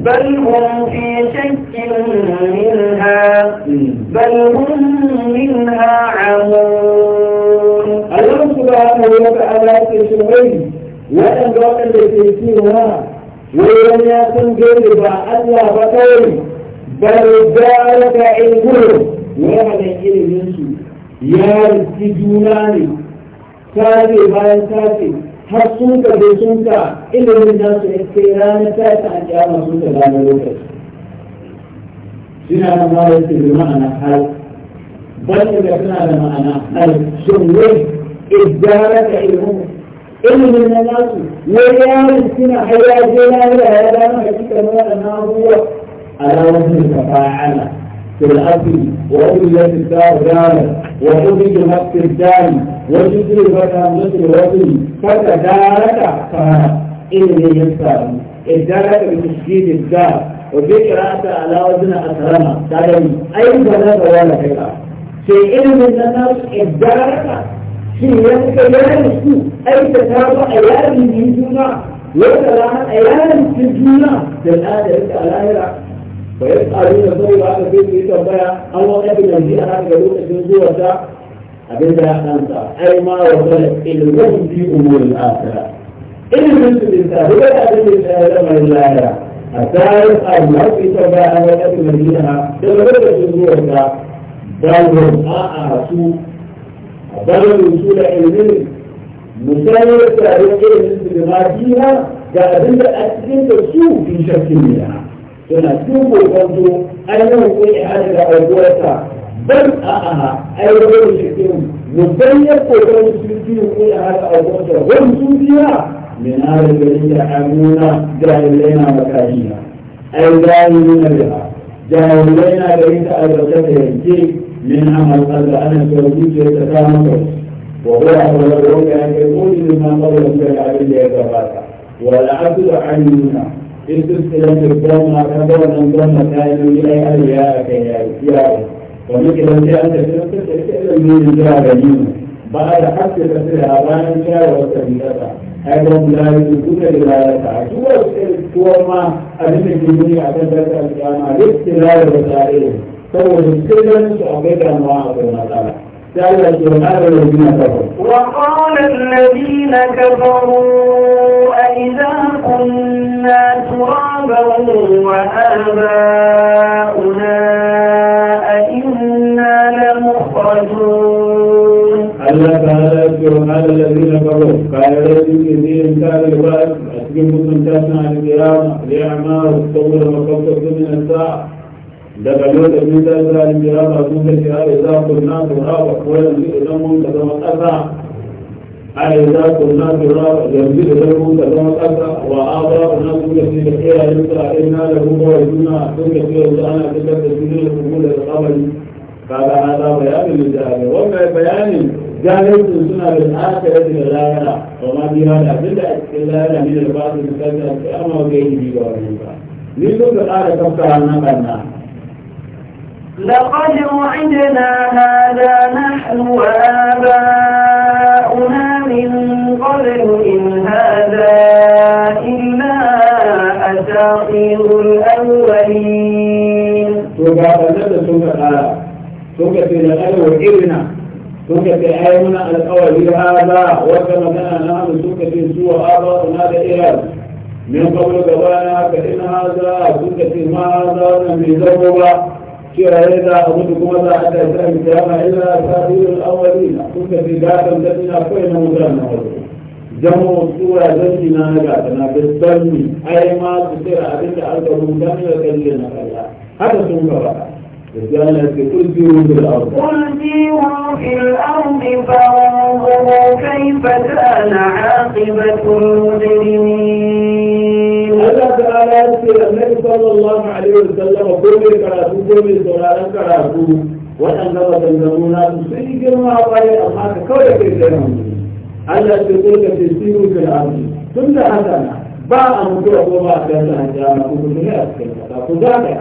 بل هم في شك منها بل هم منها عمون الله سبحانه وتعالى في شرعين وأن دوقا لتيسيرها ولم يكن جلب الله بطول بل ادارك علمهم وهذا علم يا رب kare bayan kare har sun ka je sun ka ilimin da su iske ranar ta ta a kiyama sun ka gano lokaci suna da ma'ana ce da ma'ana hal banda da suna da ma'ana hal shin wai idara ka ilimin ilimin na nasu wai yaron suna hayyaje na yara ya gano hakikar waɗannan abubuwa a rawar da fa'ala في الأكل وأبلت الدار دارا وحبك نفس الدار وشكر فتى مثل الرجل فتدارك فهذا إني يسر إدارك بتشديد الدار وبقراءة على وزن أكرمه تعلم أي بلد ولا فكرة في علم الناس إدارك في يدك يا رسول أي تتابع أيام من دونها وترى أيام في الدنيا في الآن يبقى لا فيسألون النبي بعد في يتبع الله يبنى الجيء هذا قالوا في زوجة أبدا أنت أي ما وصلت إلهم في أمور الآخرة إلهم في الإنسان ولا أبدا الشهادة من الله الثالث الله في تبع الله يبنى الجيء هذا قالوا في زوجة بلهم أعرسوا بل الوصول إليهم مساوية تعريف إلهم بما فيها قال أبدا أتكلم في شك منها yana dubo kwanto ainihin ko ihada da aiguwarsa bal a'a ainihin shekin mubayyar kokarin sulfin ko da aiguwarsa wani sun sulfiya min hada gari da amuna jahilai na makashi makarina ai nuna da biha jahilai na da gari da albarka da yanke min amal kalda ana so zuciya ta kama kai wa huwa abu da ya kai kodi ne ma kawai da ya gabata wal abu da amina بالسلسلة ربما كبر من ثم كانوا إلى أولياءك يا أولياء ومثل جاءت في السلسلة من جاء بنينا بعد حتى تصل أبان جاء وسبيلتها أيضا لا يدركون دلالتها هو هو ما أدرك الدنيا أتدرك القيامة باستدلال وسائله فهو السلسلة أعطيك أنواع المسألة وقال الذين كفروا أئذا كنا ترابا وآباؤنا أئنا لمخرجون ألا تعالى يذكر هذا الذين كفروا قال الذين كثير كان الوقت أسجد مسلم تسمع القيامة لأعمار الصور وقبضة من الساعة daga lokacin da za a jira ba sun da kira da za ku na ku raba koyar da idan mun ka zama ƙasa a yi za ku na ku raba yanzu idan mun ka zama ƙasa wa a ba ku na sun da kira da kira yin sa a ina da kuma wa juna sun da kira da ana fitar da su ne da kuma da kamari kaga na za bayanin da jami'a wannan bayanin jahilcin suna da tsakiyar da lahira ba ma biya da abin da a cikin lahira ne da ba su da kanta a kiyama ga yi biyu ba wani ba ni sun ka ƙara kafta ranar ƙarna لقد وعدنا هذا نحن وآباؤنا من قبل إن هذا إلا أساطير الأولين سوكت الأول وإبنا سوكت أيمنا الأول لآباء وكما كان نعم سوكت سوى آباؤنا لإله من قبل قبلنا فإن هذا سوكت ما هذا من زوجة cewa ya za a mutu kuma za a tafi a kiyama ila sabirin awwalina kuka fi gadan da ina kai na mutane na wasu jamo sura zanni na na gata na bisbanni ai ma su tsira abin da aka rubuta ne da kalle na kalla haka sun gaba رجال يقول زيروا في الأرض قل زيروا في الأرض فانظروا كيف كان عاقبة المجرمين ta'ala ya ce annabi sallallahu alaihi wa sallam ko mai karatu ko mai sauraron karatu waɗanda ba san zamo na su sun yi girma kwarai amma ka kawai kai sai nan Allah ce ko ka ce siru fil ardi tun da haka ba a mutuwa ko ba a kan sa hajjama ku ku ne a cikin kasa ku zaka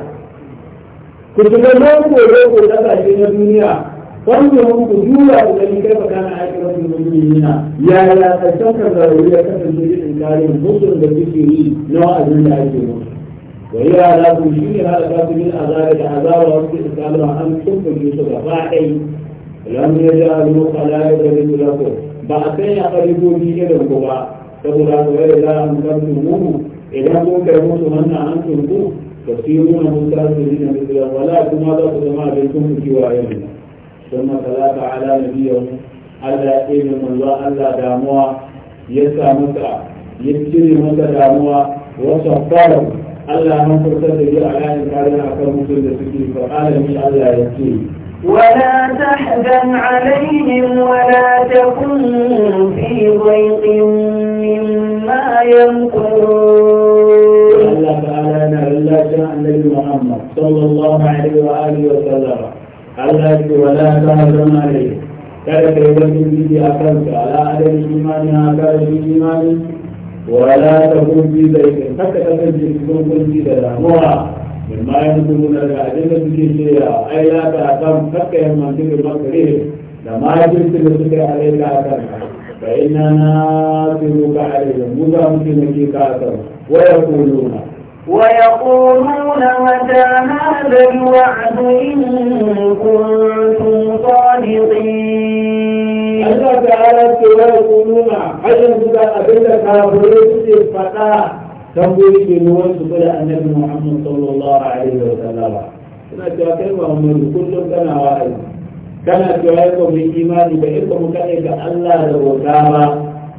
ku tunan ko ko ta na duniya فانظروا رجوع الذي كيف كان عاقبة المجرمين يا لا تتذكر ضرورية كفر شيء إنكاري النصر بالذكر نوع من الأجر وهي على كل شيء هذا كافر من أذار العذاب وأرسل إسلامنا أن تنفذ يوسف راحي لم يجعلوا خلائق لكم بعدين يقربوا لي إلى القبى saboda kawai da za a mutar mu idan kun kai musu wannan an turku da su yi nuna mutar su yi na mutu wala kuma za su zama abincin ku kiwa yau ثم ثلاثة على نبيهم الا اذن الله الا داموا يسعى متى يبتلي متى داموا وصفاهم الا من ترتدي على انسان اكثر مثل ذكري فقال لي الا يبتلي ولا تحزن عليهم ولا تكن في ضيق مما يمكرون الله تعالى نرى الله جاء النبي محمد صلى الله عليه واله وسلم Allah ce wala ta hazan alai kada kai wani bidi a kanka ala adadin imani a karashin imani wala ta kunci da ikin haka ta kanci cikin kunci da damuwa min ma yin kuma da abin da suke shirya ai la ta kan haka yin mantu da makare da ma yin da suke alai ka kanka fa inna na turuka alai mu za mu ke ka kan wa yaquluna ويقولون متى هذا الوعد إن كنتم صادقين أنا فعلت ولا يقولون حجم إذا أبدا كابريس الفتاة تقول في نوات بلا النبي محمد صلى الله عليه وسلم أنا تأكل وهم كل كان واحد كان تأكل من إيمان بإنكم كان الله لو كابا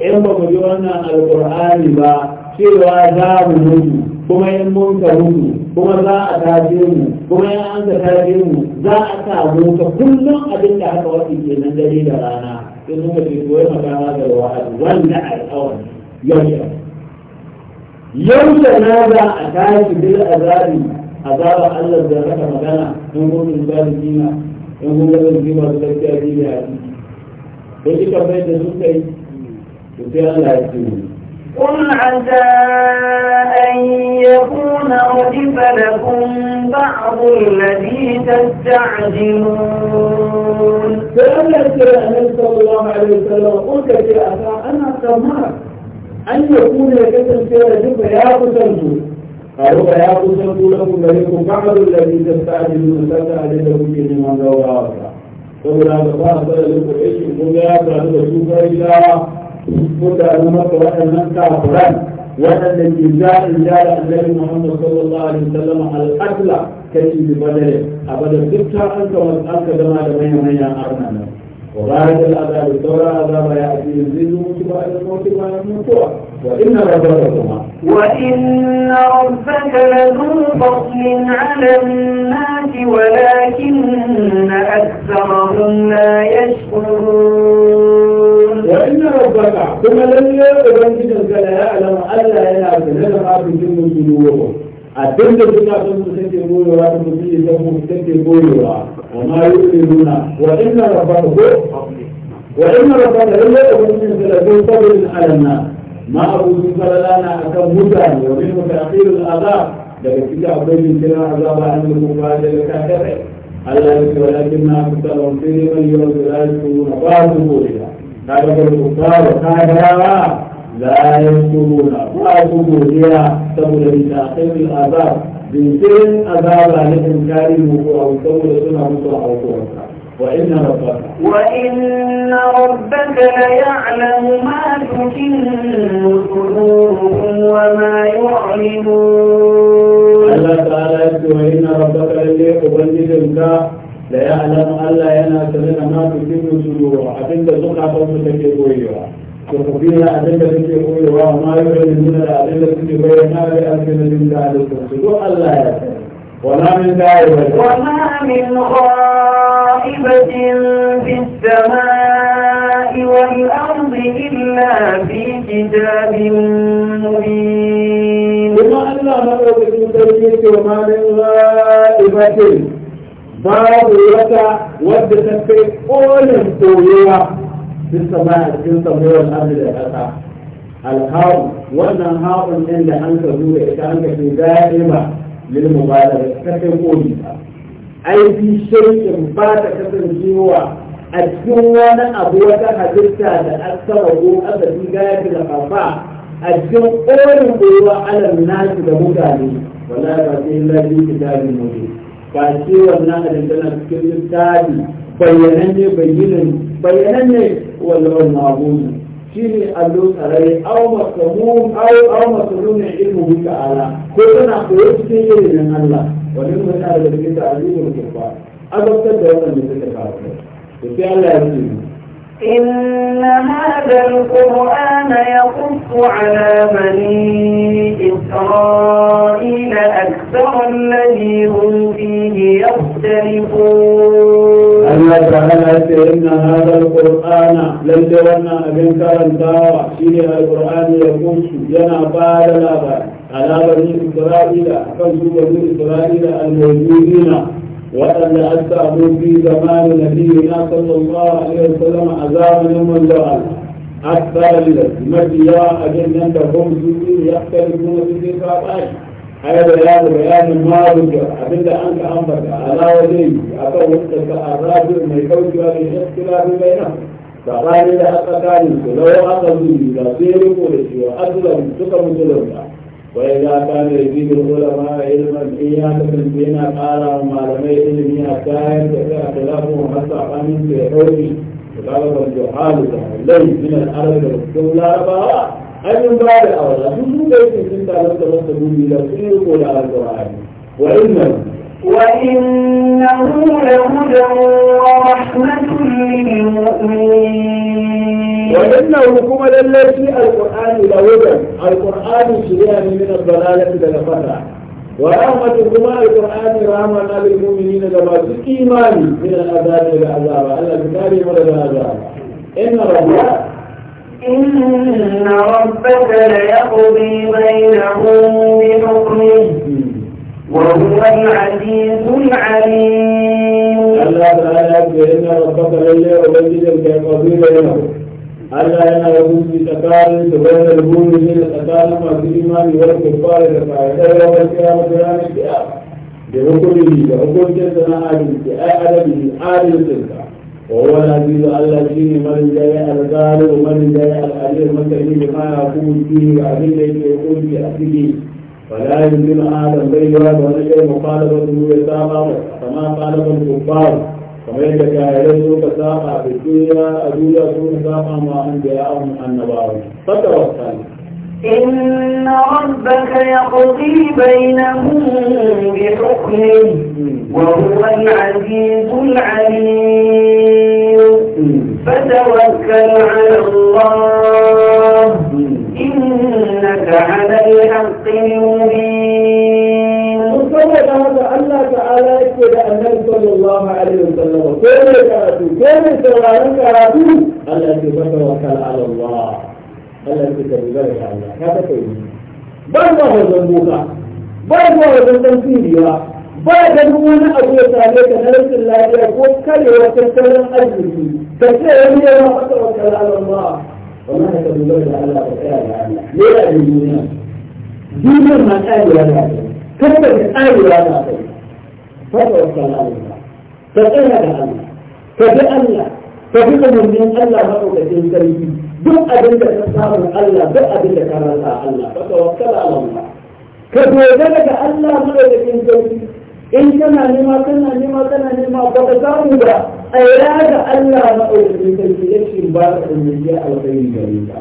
إنكم يوانا القرآن با في وعدام نجم kuma in mun ka mutu kuma za a taje mu kuma in an ka taje mu za a samu ka kullum abin da haka wasu ke nan dare da rana sai suka ce ko yana kama da wa'azi wanda alƙawari yaushe yaushe na za a tashi bil azabi azaba Allah da raka magana in gumin zalimina in gumin zalimina da gaskiya ne ya yi sai kika bai da su kai to sai Allah ya ce mu قل عسى أن يكون ردف لكم بعض الذي تستعجلون كانت النبي صلى الله عليه وسلم قلت يا أبا أنا سمعت أن يكون لك تستعجل يا قسمت قالوا يا قسمت لكم لكم بعض الذي تستعجلون فتعجلوا به من دورها saboda da ba su da lokacin kuma ya faru إلا وتعالى وأن كافران وأن الجزاء جاء النبي محمد صلى الله عليه وسلم على الأكل كشي ببدر أبدا سبتا أنت وأنت كما لمن من أرنا وبعد العذاب الدورة عذاب يأتي يزيد موت بعد الموت بعد الموت وإن ربكما وإن ربك لذو فضل على الناس ولكن أكثرهم لا يشكرون وإن ربك كما لن يقبل جدا كلا يعلم ألا يعلم لنا هذا في جنة جنوبهم أدل بنا كنت تكتب بولورا كنت تكتب بولورا وما يؤمنون وإن ربك وإن ربك لن يقبل جدا كلا يقبل على الناس ما أبو سفر لنا أكم مدان ومنه تأخير العذاب لكن كده أبو سفر عذاب عن المقابل لكاكبه الله ولكن ما أكثرهم في من يوم لا يكون بعض ذلك الكفار هذا لا يشكرون وأقوم بها سبب لتعقيم الآثار بسن أذاب لإنكار الوقوع وسبب سنة مطلع وقوعها وإن ربك وإن ربك ليعلم ما تكن صدورهم وما يعلمون الله تعالى يقول وإن ربك للي أبنجدك ليعلم يعلم الا انا سلنا ما تكتب صدورها اتنت سمعه تكتب غيرها تخفيها اتنت تكتب وما يعلن منها الادله التي بينها لاجل من ذلك صدور الا يعلم ولا من دائره وما من غائبه في السماء والارض الا في كتاب مبين وما الله نظرت في التجريد وما من غائبه babu wata wadda ta kai kolin koyewa sun sama a cikin samuwar abu da ƙasa alhawu wannan hawan ɗin da an ka zuwa ita an ka ce da'ima lil mubalaga ta kai koli ta aiki shirkin ba ta kasancewa a cikin wani abu wata halitta da an sama ko aka fi gaya da kafa a cikin kolin koyewa alam nasu da mutane wala ta ce lalle kitabin mutum ba ce wannan abin tana cikin littafi bayanan ne bayyanin bayanan ne wallawar ma'abudu shi ne allo tsarai au makamun au au makamun ilmu ta'ala ko tana koyo cikin ilimin Allah wannan mun da cikin ta'alimul kurba azabtar da wannan da take kawo to sai Allah ya rubuta إن هذا القرآن يقص على بني إسرائيل أكثر الذي هم فيه يختلفون أما تعالى إن هذا القرآن لن تولنا أبن كرم داوة شيء القرآن يقص لنا بعد لا بعد على بني إسرائيل أكثر بني إسرائيل الموجودين وأن أتاه في زمان نبينا صلى الله عليه وسلم عذاب يوم الجعل الثالثة مجيا أجنتهم سوء يختلفون في الخطأ هذا بيان بيان ما رجع أبدا أنت أمرك على وجهي أتوا الراجل ما يكون هذا الاختلاف بينهم فقال إذا أتى لو أخذوا إلى سير قريش وأسلموا سقموا سلمنا وإذا كان يزيد العلماء علما في من فينا قال وما لم يعلم يا كائن فاختلافه حتى قام في حوله وقال فالجهال الليل من الارض والسوء لا ربا ان من بعد الأولى شو بيت انت لم تمسكوا بلا سير ولا القرآن وإنما وإنه لهدى ورحمة للمؤمنين وإنه كما للذي القرآن لهدى القرآن شريعة من الضلالة للفترة ورحمة كما القرآن رحمة للمؤمنين لما في إيمان من الأذان إلى العذاب ألا تكاري ولا العذاب إن ربك إن ربك ليقضي ولم تقال لما يدعو يوم القيامة ولا القيامة بحكمه لحكم جدنا آدم بآدمه آدم تلك وهو العزيز الذي من جاء الغالب من جاء العليم من تهيب ما يقول فيه عزيز يقول في أسره فلا يمكن آدم بين واد ونجر مخالفته يساقى كما خالف الكفار kamar yadda jayarai suka saba da duniya a duniya suka saba ma an da ya auna annabawa fata wasu إن ربك يقضي بينهم بحكمه وهو العزيز العليم فتوكل على الله إنك على الحق المبين وصلت هذا الله تعالى إكتدى النبي صلى الله عليه وسلم كل كراتو كل سوارن كراتو الله يتوكل على الله Allah ya ka riga da Allah ka ta kai ba ba wajen boka ba ba wajen dan firiya ba da wani abu ya same ka na rashin lafiya ko karewar tattalin arziki ka ce wani ya ma fata wa kalamar ma wannan ka riga da Allah ka tsaya da Allah ne da duniya duniyar na tsayewa da kai kada ka tsayewa da kai fata wa kalamar ma ka tsaya da Allah ka bi Allah ka bi umarnin Allah maɗaukakin sarki duk abin da ka samu Allah duk abin da ka rasa Allah ka tawakkala ala Allah ka dogara ga Allah madaukakin sarki in kana nema kana nema kana nema ba ka samu ba a yara ga Allah madaukakin sarki ya shi ba ka umarci alkhairi gare ka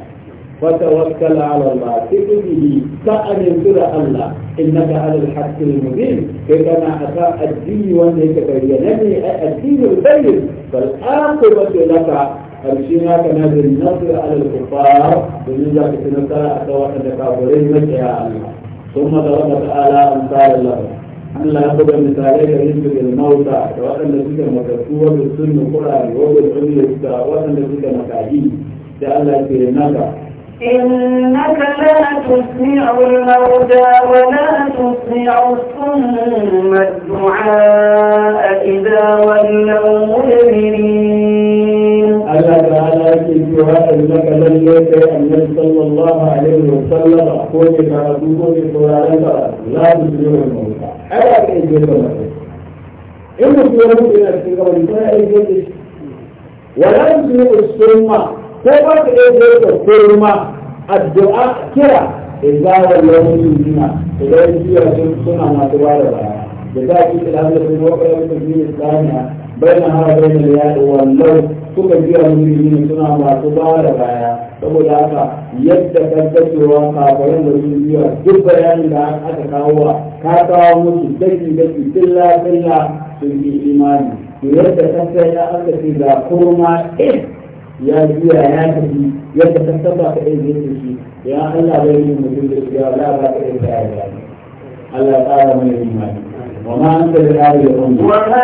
wa tawakkala ala Allah tikihi ka amintu da Allah innaka ala al-haqqil mubin kai kana aka addini wanda yake bayyana ne ai addinul bayyin fal aqibatu laka كان كما النصر على الكفار ومن في تنسى أتوى أن كافرين مكة يا الله ثم ضرب تعالى أمثال الله أن لا يأخذ مثالين ينزل الموتى وأن نسيك مكتوبة بالسن القرآن وبالعلي وأن تلك مكاهيم لألا يكرمك إنك لا تسمع الموتى ولا تسمع الصم الدعاء إذا ولوا مدبرين شبهة لك لن يكي النبي صلى الله عليه وسلم أخوك فأخوك فلانك لا تسلم الموت ألا تجد لك؟ إن سلمت إلى السلم فلا يجد ولا تسلم السلمة فقط يجد السلمة الدعاء كرة إذا ولوا سلمة إذا يجي سنة ما تبالي بها جزاك الله خير وقال في الإسلام بينها وبين الياء واللوث suka jira musulmi suna masu ba da baya saboda haka yadda kaddacewa kafaran da sun biya duk bayanin da aka kawo wa ka kawo musu daki daki tilla tilla sun yi imani to yadda kasa ya aka ce ga kurma eh ya biya ya tafi yadda kasa ba ka iya zai shi ya Allah bai yi mutum da shiga Allah ba ka iya tsaya da Allah ya tsara mana imani وما أنت بهذه الأمة وما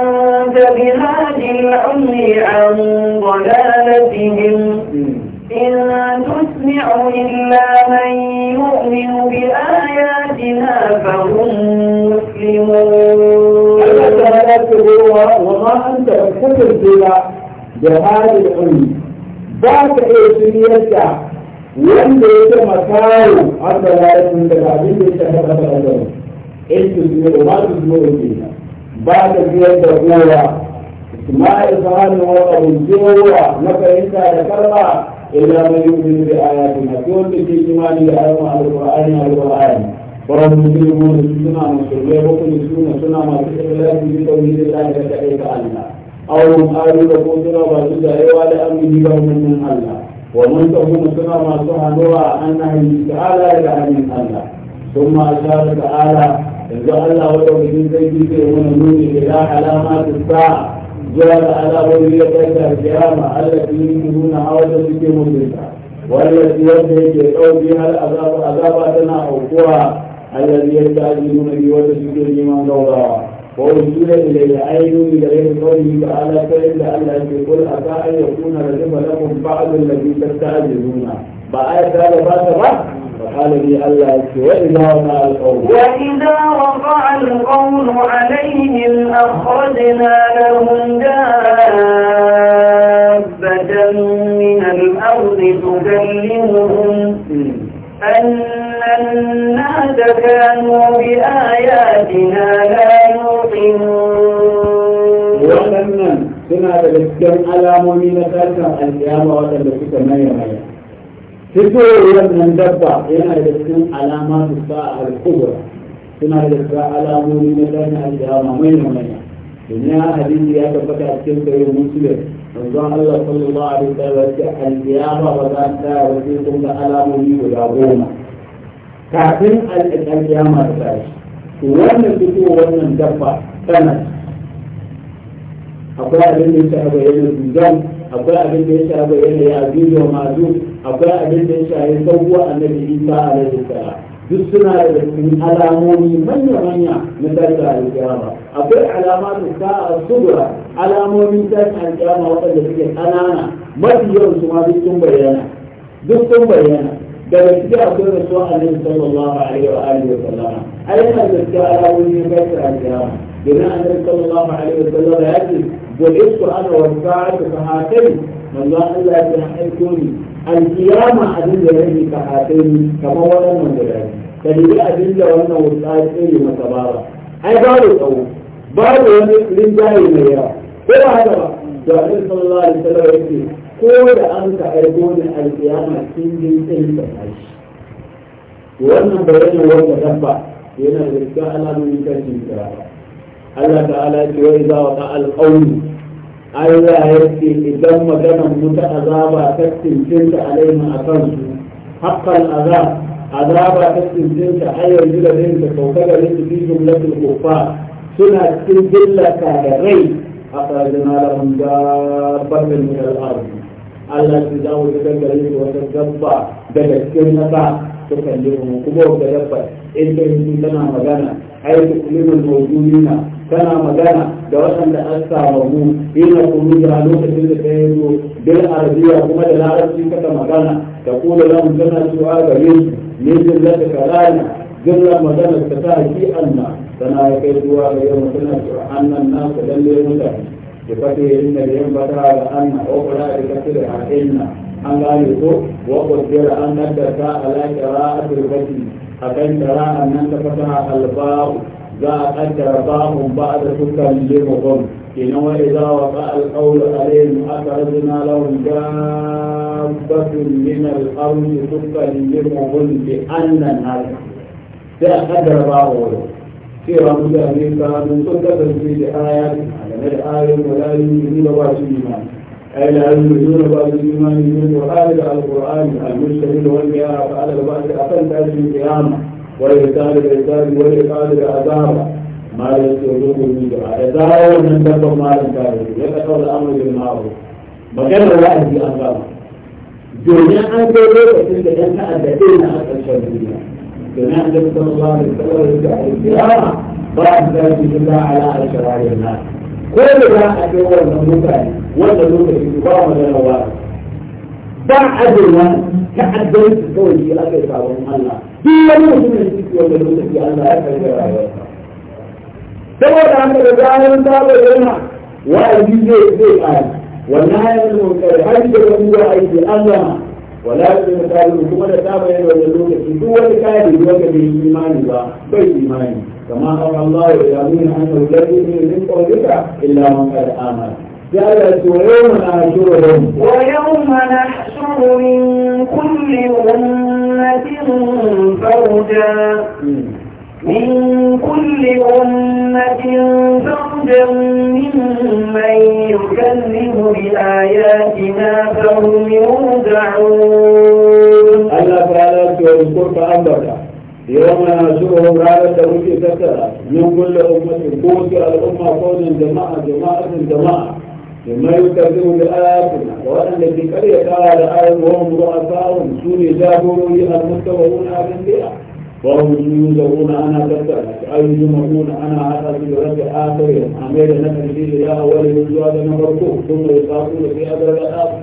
أنت بهاد العمي عن ضلالتهم إن تسمع إلا من يؤمن بآياتنا فهم مسلمون وما أنت بكفر بلا بهاد العلم ذاك إيشيرك wanda yake makawo an da lalacin da abin da ya shafi ƙasar ƙasar ilmi zuwa ba su zuwa ke nan بعد البيت biyar da kowa ma ishanin wa abujewa na fahimta da karba illa mai yumin da ayati na kiwon da ke imani da ayyukan alƙur'ani alƙur'ani ورب المسلمون سنة مسلمين وكل سنة سنة ما تسألات بتوحيد الله كتعيك الله أو هم آلوا لكم سنة وزيزة أيوة لأمره لهم من الله ومن تقوم سنة ما سنة نرى أنه تعالى لأمن الله ثم أشار تعالى yanzu Allah wata wajen zai yi zai علامات الساعة جعل على alama الكرامة التي zuwa da alamomi ya والتي يدهك أو بها العذاب عذاباتنا أو قوى الذي يستعجلون به وتشكر لمن دورا وأرسل إلي عين لغير قوله تعالى فإلا ألا يقول أتى أن يكون لكم بعض الذي تستعجلون بآية هذا بعد فاتبع فقال لي ألا وإذا وقع القول وإذا وقع القول عليهم أخرجنا لهم دابة من الأرض تكلمهم أن الناس كانوا بآياتنا لا يوقنون وأن الناس بما تذكر على مؤمنة القيامة وتذكر لا مية fitowar nan dabba yana da cikin alama su sa a alkubura suna da cikin alamomi na tsarin alkiyama manya manya domin a hadisi ya tabbata a cikin sayin musulun manzon Allah sallallahu alaihi wasallam ya ce alkiyama ba za ta wace kun ga alamomi guda goma kafin alkiyama ta tashi wannan fitowar nan dabba tana akwai abin da ya shafa yana dugan akwai abin da ya shafa yana ya bidiyo mazu akwai abin da ya shafi sabuwa annabi isa alaihi salam duk suna da cikin alamomi manya-manya na tashin alƙiyama akwai alamatu ta subra alamomin tashin alƙiyama waɗanda suke ƙanana mafi yawan su ma duk sun bayyana duk sun bayyana daga cikin akwai rasuwa annabi sallallahu alaihi wa alihi wa sallama ayyukan da suke alamomi na tashin alƙiyama domin annabi sallallahu alaihi wa sallama ya ce وليس أنا وفاعك فهاتين من الله إلا تحيكوني القيامة أدل يلي فهاتين كما ولا من ذلك فلذي أدل وأنا وفاعك إلي متبارا أي بارو تقول بارو يلي لن جاي ميا كل هذا جاهل صلى الله عليه وسلم يقول كل أنت أدوني القيامة سنجي سنجي سنجي وأنا بيانا وأنا دفع ينا لكي ألا من كتن كرابا Allah ta'ala ya ce wai za wa ta'al qawlu Allah ya ce idan maganar muta azaba ta tintinta alaihim akan su haqqal azab azaba ta tintinta ayyar jilalin da kauka da su fi jumlatul kufa suna cikin jilla kafirai a tsarjina lahum dabbatan min al-ardh Allah ya za mu dangare da wata dabba daga cikin nasa ta kalle mu kuma wata dabba in ta tana magana حيث كلمة الموجودين كان مجانا دوشن لأسا مرمو إن كنو جرانو كتير كيدو بالعربية كما دلالة سيكة مجانا تقول لهم جنة سؤال غريب من جملة كلامنا جملة مجانا تتاكي أن سنا يكيدوا غير مثلنا أن الناس لن يمتعي بفتح إن اليوم بدأ أن أخرى بكثير عن إن أن لا يكون وقدر أن نبدأ على قراءة الفتح أكن ترى أنك فتح الباء ذا قدر باء بعد تكلمهم إنه إذا وقع القول عليهم أخرجنا لهم دابة من الأرض تكلمهم بأن النار ذا قدر باء في رمضان من سكر في آيات من الآية ولا يؤمنون واجب أي لأن نزول بعض الإيمان يجوز خارج القرآن المشتمل والقيام على البعض أقل تأتي القيامة والإنسان بالإنسان والإقامة بالعذاب ما ليس يذوق الوجوع إذا من دبر ما لم تعرف يتقول الأمر بالمعروف مكان الواحد في أمامه دنيا أن تقول تلك أن أدتين أكثر شرعية دنيا أن تقول الله عليه وسلم القيامة بعد ذلك الله على شرائع الناس ko da za a kai wannan mutane wanda lokaci ba mu da rawa ba ajewa ta'addanci kawai shi aka yi sabon Allah duk wani mutum da shi wanda lokaci Allah ya karɓi rayuwarsa saboda haka da zaran sabo yana wa'azi zai zai ƙara wannan ya zama munkari har da wani zuwa aiki an gama wala su ne misali kuma da sabo yana wanda lokaci duk wani kayan da wanda bai imani ba bai imani كما قال الله يعلمون أنه لا يؤمن من قولك إلا من قد آمن جاءت ويوم نحشرهم ويوم نحشر من كل أمة فرجا من كل أمة فرجا ممن يكذب بآياتنا فهم يرجعون ألا تعالى يذكر فأنبتك يوم ينشرهم رالة كثرة من كل أمة قوت الأمة قولا جماعة جماعة جماعة مما يكذب بآياتنا وأن الذي كريت على آية وهم رؤساهم سوني جابروا لها المستوون على الأنبياء وهم يوزعون أنا كذلك أي يجمعون أنا على رجع آخرهم عميل نفسي إلى أول الزواج من ثم يصابون في أبد آخر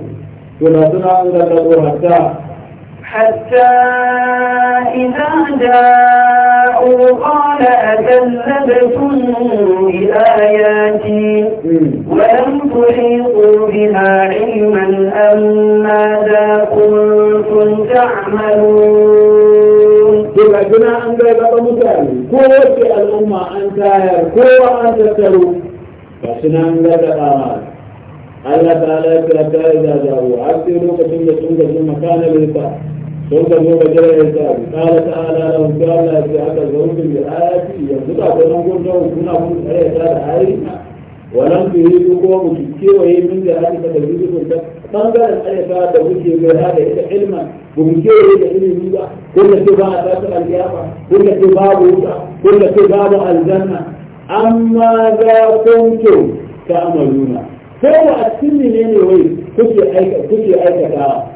ثم صنعوا لك حتى حتى إذا جاءوا قال أكذبتم بآياتي ولم تحيطوا بها علما أم ماذا كنتم تعملون كما جنا أن ذلك كل شيء الأمة أن تاير قوة أن تتلو فسنا أن ذلك Allah ta'ala ya kira ta yi zazawo har sai lokacin da sun gaji makana mai sa sun gaji ga jirage sa kala ta'ala da wuce Allah ya haka zaunkin da ayati yanzu ba ta nan gun zaun kuna kun tsare ta da ayi walan ku yi ko mu kewaye min da aka ta gaji su ta bangaren tsare ta da wuce mai hada ita ilma ba mu kewaye da ilimi ba kun da ce ba a tasir alkiyama kun da ce babu wuta kun da ce babu aljanna amma za kuntum ta'maluna ko a cikin menene wai kuke aika kuke aikata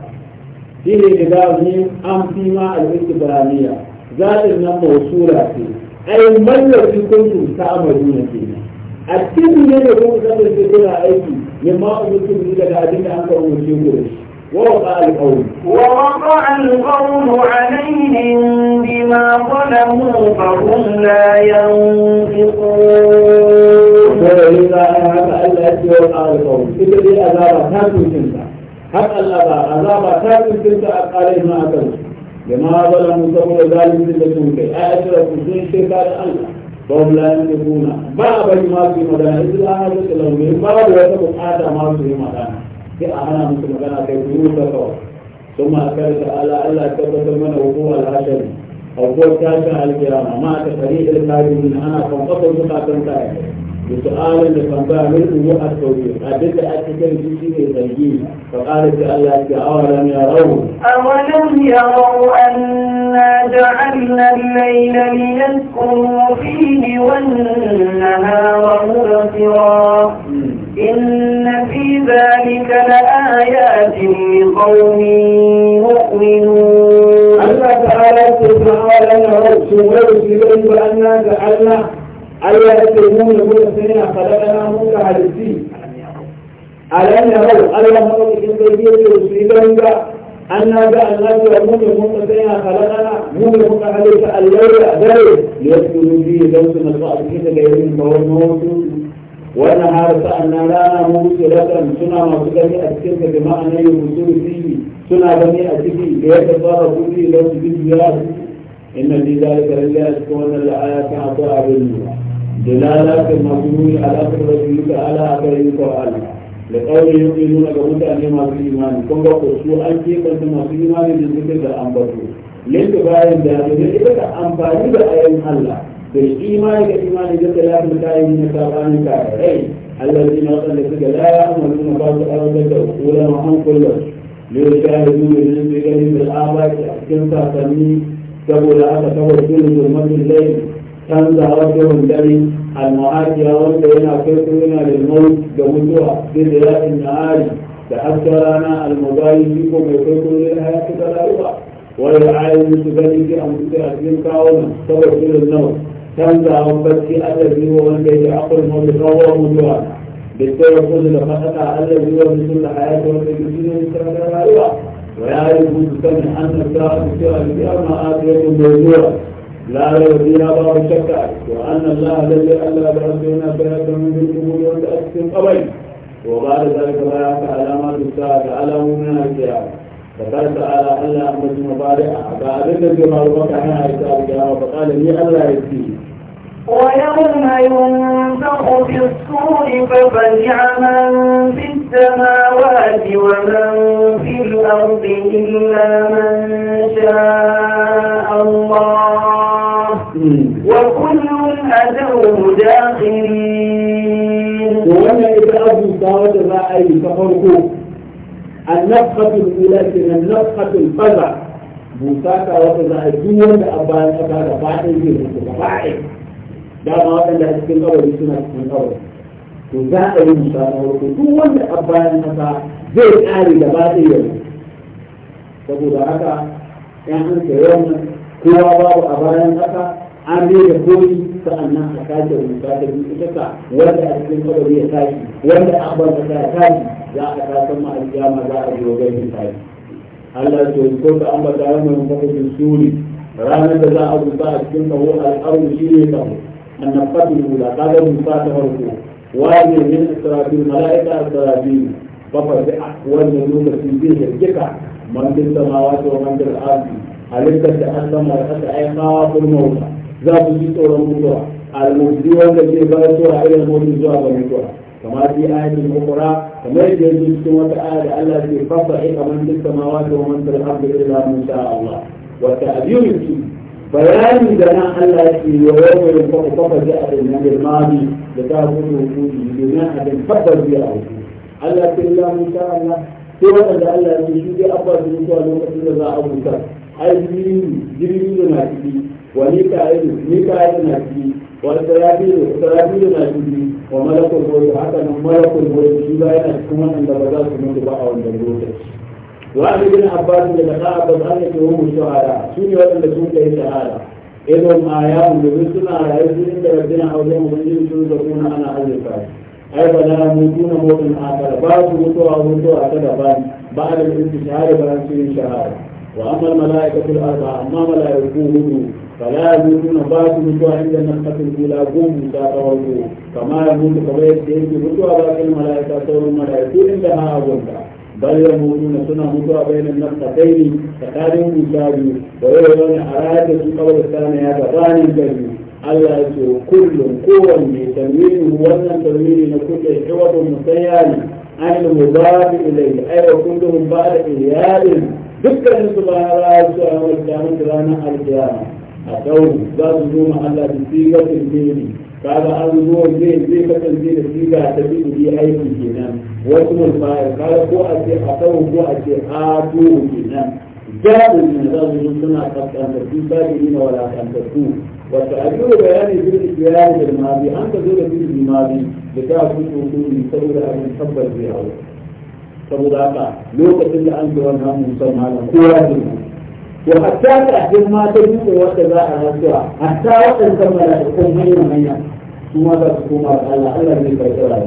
shi ne da ni an fi ma al-istibraniya zatin nan mawsura ce ai mallaki kuntum ta'maluna kenan a cikin menene kun kasance kuna aiki mimma umurtum daga abin da an ka umurce ku da shi ووقع القول ووقع القول عليهم بما ظلموا فهم لا ينطقون وقال قوم إذا دي أذابا تاكل تنسى حق الأبا أذابا تاكل تنسى أقاليه ما أكلوا لما ظلموا سبول ذلك لكم كي أأشركوا سن شركة الله وهم لا يملكون بعض ما في مدانا إذ لا حاجة لهم بعض يتبقى حتى ما في مدانا في أهنا مثل مدانا كي يوسف ثم أكلت على ألا تبقى من وقوع العشر أو قوة كاشا على الكرامة ما تفريق الكاري من أنا فانقطر بقى تنتهي بسؤال لفنبا منه التوبيخ أبدا أتكلم في شيء تنجيل فقالت ألا أولم يروا أولم يروا أنا جعلنا الليل ليسكنوا فيه والنهار مبصرا إن في ذلك لآيات لقوم يؤمنون الله تعالى سبحانه وتعالى سبحانه وتعالى أنا جعلنا ألا يسلمون المرسلين خلقناهم كعدسين ألم يروا ألا مروا في البيت يصيبهم أن جعلناك يومون المنتسين خلقنا مو يكون عليك الليل ذلك ليسكنوا فيه دوس نصائب كيف جايين وأنا موتوا والنهار لا لنا مرسلة سنة ما تكفي أتكفي بما أن يرسل فيه سنة بني أتكي ليتصرفوا فيه دوس بالجهاز إن في ذلك لله سبحانه لآيات عطاء الله دلالة المسلول على قدرته تعالى أكره القرآن لقوله يقينون قبلت أن ما في إيمان كم وقصوا أن كيف ما في إيمان بالذكر أنبتوا ليس باين ذلك إذا أنفاني بأيام الله بالإيمان كإيمان جد لا تكاين كابان كاين الذين أخلصك لا يعملون بعض الأرض أولا وهم كلهم ليشاهدون من ذكر بالآباء أحكام تسمي تقول هذا تقول كل ظلمة الليل كان رجل دري المعادي يرد الى كفرنا للموت بمتوى بدلاء المعادي فحتى رانا المضاي فيكم لنا يفكر للحياة تلاوها ولعائل في أن تأتي كاونا صبر في النوم كم ذا ربك أدبي ومن بيت عقل مضيقا ومضيقا بالطرق قد لفتت أدبي ومسل حياة ومن بيت عقل مضيقا ويعرف أن الساعة تسير في أرماء آخرة موجودة لا ريب فيها باب وان الله الذي الا بربنا فيات من بالقبور وتاكسم قبيل وبعد ذلك يعطى علامات الساعه على من القيامه ذكرت على الا احمد مبارئه فاذن بما وقع هنا الكتاب فقال لي الا يكفيه ويوم ينفخ في الصور ففزع من في السماوات ومن في الأرض إلا من شاء الله وكل أدوه داخلي وما إذا أبو صاد رأي النفخة الأولى من النفخة الفزع بوساكا وفزع الدنيا بأبان أبان أبان أبان أبان أبان أبان أبان يعني أبان أبان أبان ko za a yi musamman ko duk wanda a bayan nasa zai kare da ba zai yau saboda haka yan hanta yau kowa babu a bayan nasa an bai da komi sa'annan a sake rubuta ta biyu ita ka wanda a cikin kabari ya tashi wanda a banta ta tashi za a tasan ma aljama za a biyo gaisin tashi Allah to ko ka an bata yawan mun kafa suri ranar da za a rubuta a cikin kawo al'aru shi ne kawo annabatu lula ka ga rubuta ta farko wani min asrabil mala'ika asrabil bakwai da wannan lokacin zai jirgika man bin samawa to man bil ardi halittar da an sama da aka aika furmauta za ku ji tsoron mutuwa al-mubdi wanda ke bayan sura ila mutu zuwa ga mutuwa kamar fi ayatin ukhra kamar yadda yake cikin wata aya da Allah ke fasa ai kamar duk samawati wa man fil ardi illa man sha Allah wa ta'diru fi bayani da nan Allah ke yawo da kuma kuma da abin nan da mali da ta gudu kudi domin a dan fadar biya Allah ke illa man sha Allah sai wanda Allah ya shi dai abba da mutuwa lokacin da za a mutu ai jirgin jirgin da na ciki وميكائيل ميكائيل نبي والسرابيل سرابيل نبي وملك الموت حتى ملك الموت شي باين كما ان بدات من بقى والموت وعن ابن عباس اللي لقى عباس قال لك هم الشهداء سوني ولا سوني كاي شهاده إنهم آيام بمثل على يسير إن ربنا أولهم وإنهم سيزقون أنا أهل الفاتح أيضا لا يموتون موتا آخر بعض موتوا موتوا كذبان بعد الاستشهاد بأنفسهم شهادة وأما الملائكة الأربعة أما ملائكته فلا يموتون باس متوا عند النفخة الأولى قوم ساقوا كما يموت قبيل سيد متوا باقي الملائكة سور الملائكة عندها أولها بل يموتون سنة متوا بين النفختين تقارن مجابي ويقولون أراد في قبل الثانية تقارن جابي Allah ya ce kullum kowanne tanwini wannan tanwini na kuke shiwadun musayyani an yi mubafi ilai ai wa kullum ba da iyalin dukkanin su ba ya rayu a wajen ranar alkiyama a dauri za su zo ma Allah da sigar tilmini kaga an zo zai zai kasance da siga ta bibiri aiki kenan wasu mulfayar kaga ko a ce a tsawo ko a ce a tuhu kenan jabin na za su zo suna kaskantattu sabiri na walakantattu wata ajiyo bayani fil ikirari da mazi an ka zo da fil mazi da ta fi tsokuni saboda abin tabbar zai hau saboda haka lokacin da an zo wannan musamman kowa zai وحتى تحجم ما تجد وتباع الرجوع حتى وقت كما تكون هي مهنة ثم تكون على ألا من بيتها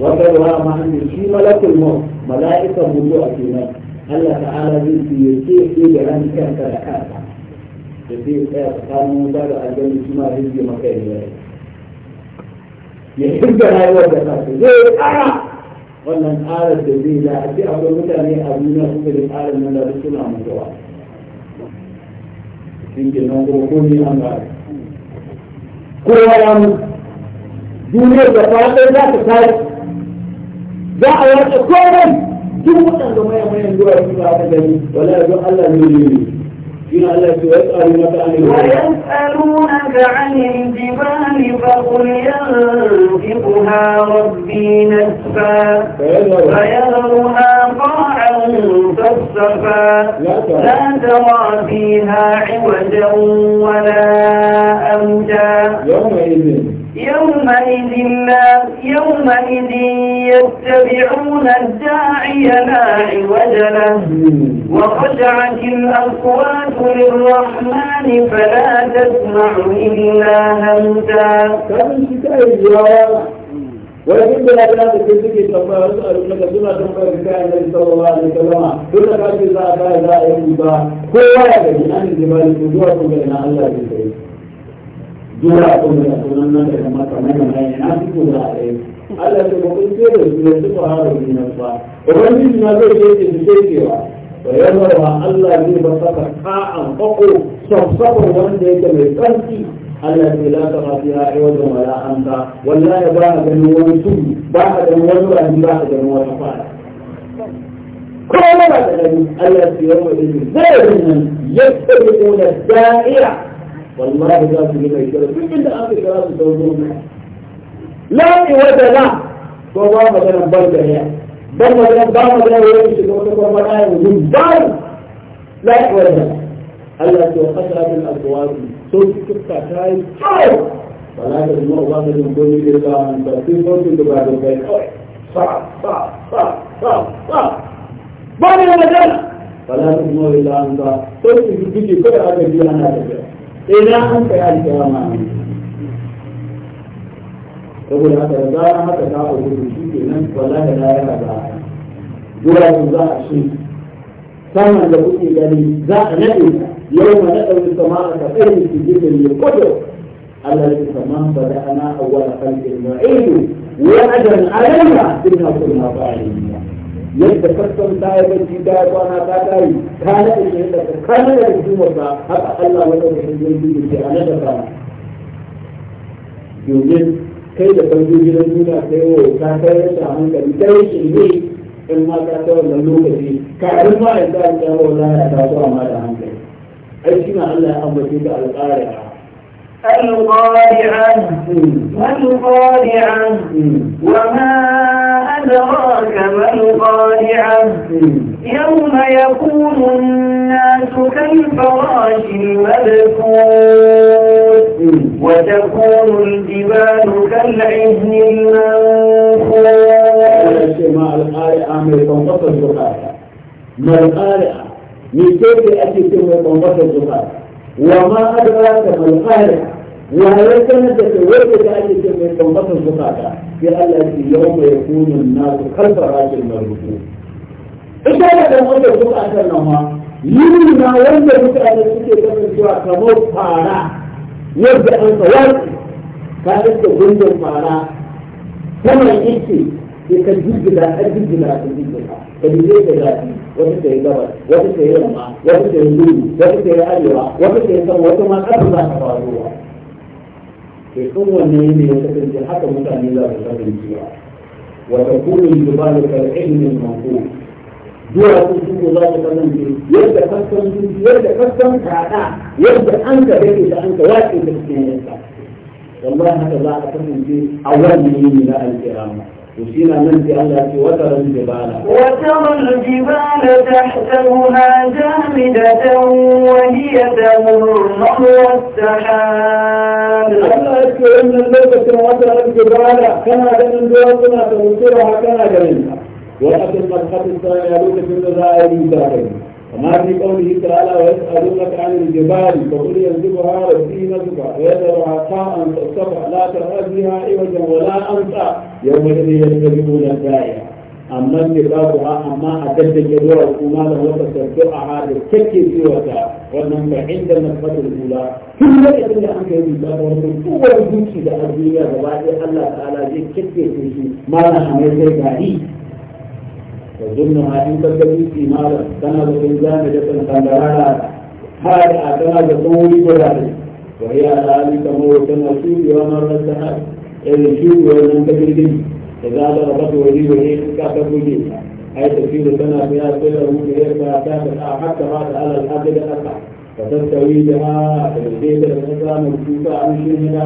وكذا ما عندي شيء ملك الموت ملائكة موضوع في مات الله تعالى في يسير في جلال كان كلاكات يسير كان مدار الجنة ما هي مكان يحب لا يوجد زي أنا wannan tsarar da zai da a ce akwai mutane a duniya suka da tsarin nan da suna mutuwa shi ke nan kuma komi an ba kowa ya mu duniyar da fata za ta tashi za a yace komai duk waɗanda mayan mayan zuwa su ba ta gani wala don Allah ne ne ويسألونك عن الجبال فقل ينفقها ربي نسفا فيذرها قاعا فاصفا لا ترى فيها عوجا ولا أمجا يومئذ يومئذ, الناس يومئذ يتبعون الداعي لا عوج له وخشعت الأصوات للرحمن فلا تسمع إلا همتا ولكن بلا بلا تكذبك تنبأ أسأل لك بما تنبأ بك النبي صلى الله عليه وسلم كل قلب ذا ذا ذا يوم ذا كل واحد أن الجبال تجوع بين الله بالبيت zuwa kuma da sunan nan da kamar kamar da mai na fi kuma a ɗaya Allah ta kuma ce da su da su fara da juna ba ubangiji na zai ce ce ce cewa wa yamarwa Allah ne ba saka ka'an fako sabsabar wanda yake mai tsarki التي لا ترى فيها عوجا ولا أمتا ولا يباع جنوان سوء باع جنوان ولا يباع جنوان فعلا كل ما التي يومئذ زائد يتبعون الدائرة والله ذات من الكلام من من آخر كلام تقولون لا إود لا فهو مثلا برد هي بل مثلا بعض مثلا وين شكوك تقول وجبار لا إود لا التي وخشرت الأبواب صوت كفتا كاي صوت فلا تجمع الله من كل إلا أن تأتي صوت بعد البيت صعب صعب صعب صعب صعب بعد المجال فلا تجمع إلا أن تأتي صوت كفتا كاي صوت إذا أنت ذلك يا مامي يقول هذا الدار هذا دار وجود من ولا لا يرى دار ولا يضاع شيء كما لو الذي ذا نبي يوم نقل السماء كفر في جبل القدر الذي سماه بدأنا أول خلق المعيد وأجر علينا إنها كنا فاعلين yadda farkon ta yi barci ta yi kwana ta kari kana da shi da kana da hukumar ba haka Allah wanda da shi zai yi ke ana da ba domin kai da farko gidan duniya kai wa ka kai da samun gari kai shi ne in ma ka ta wannan lokaci ka yi ma in ta ta wallahi ta so amma da hankali ai shi na Allah ya ambace ka alƙari'a alƙari'a ما القارعة وما أدراك ما القارعة يوم يكون الناس كالفراش المبثوث وتكون الجبال كالعهن المنفوث ما القارعة من تنقص الزقاقة ما القارعة من كيف أتي تنقص الزقاقة وما أدراك ما القارعة وهي كانت تتوجه هذه من قومة الزكاة في التي يوم يكون الناس خلف راجل المرجوع إذا كان قومة الزكاة لهم يمنى وين الزكاة التي تتوجه كموت فارا يبدأ أن توجه كانت تجند فارا كما يأتي yakan jirgila har jirgila a cikin jirgila ka jirgin da zafi wata ta yi gabas wata ta yi yamma wata ta yi gudu wata ta yi arewa wata ta yi sama wata يكون النيم يتكلم في حق الله وتكون الجبال كالعلم المنقول دورة تشوف ذات قدم في يبدا انت بك اذا انت واقف في السنه والله هكذا اقسم في اول من لا الكرام وشينا من في الله في وتر الجبال وتر الجبال تحتها جامدة وهي تمر نحو السحاب الله يذكر أن الموت وتر الجبال كما جنن جوابنا تنصرها كما جننها وأتت مرحة الثانية لوكة الرائع وما في قوله تعالى ويسألونك عن الجبال فقل ينزلها ربي نزلها ويذرها قاء صفصفا لا ترى فيها عوجا ولا أنصى يومئذ يتبعون الداعية أما انتفاقها أما أدت الجدوى وما له هذا الشك في وتا وأنهم عند النقطة الأولى كل يقول أنك يجب أن تكون قوة الدنيا فبعد الله تعالى شك في ما لها من وظنها إن تكتب في مالا كان بالإنسان جسد خندرانا هذا كان بطول جلاله وهي على ذلك موت النصيب ومر السحاب إذ الشوب ولم تجد إذا هذا ضربت وجيه الريح كافت وجيهها حيث تسير سنة فيها سلة وجيه فكافت حتى بعد على الحد الأقع فتستوي بها في البيت الإسلام مكتوبة عن شيء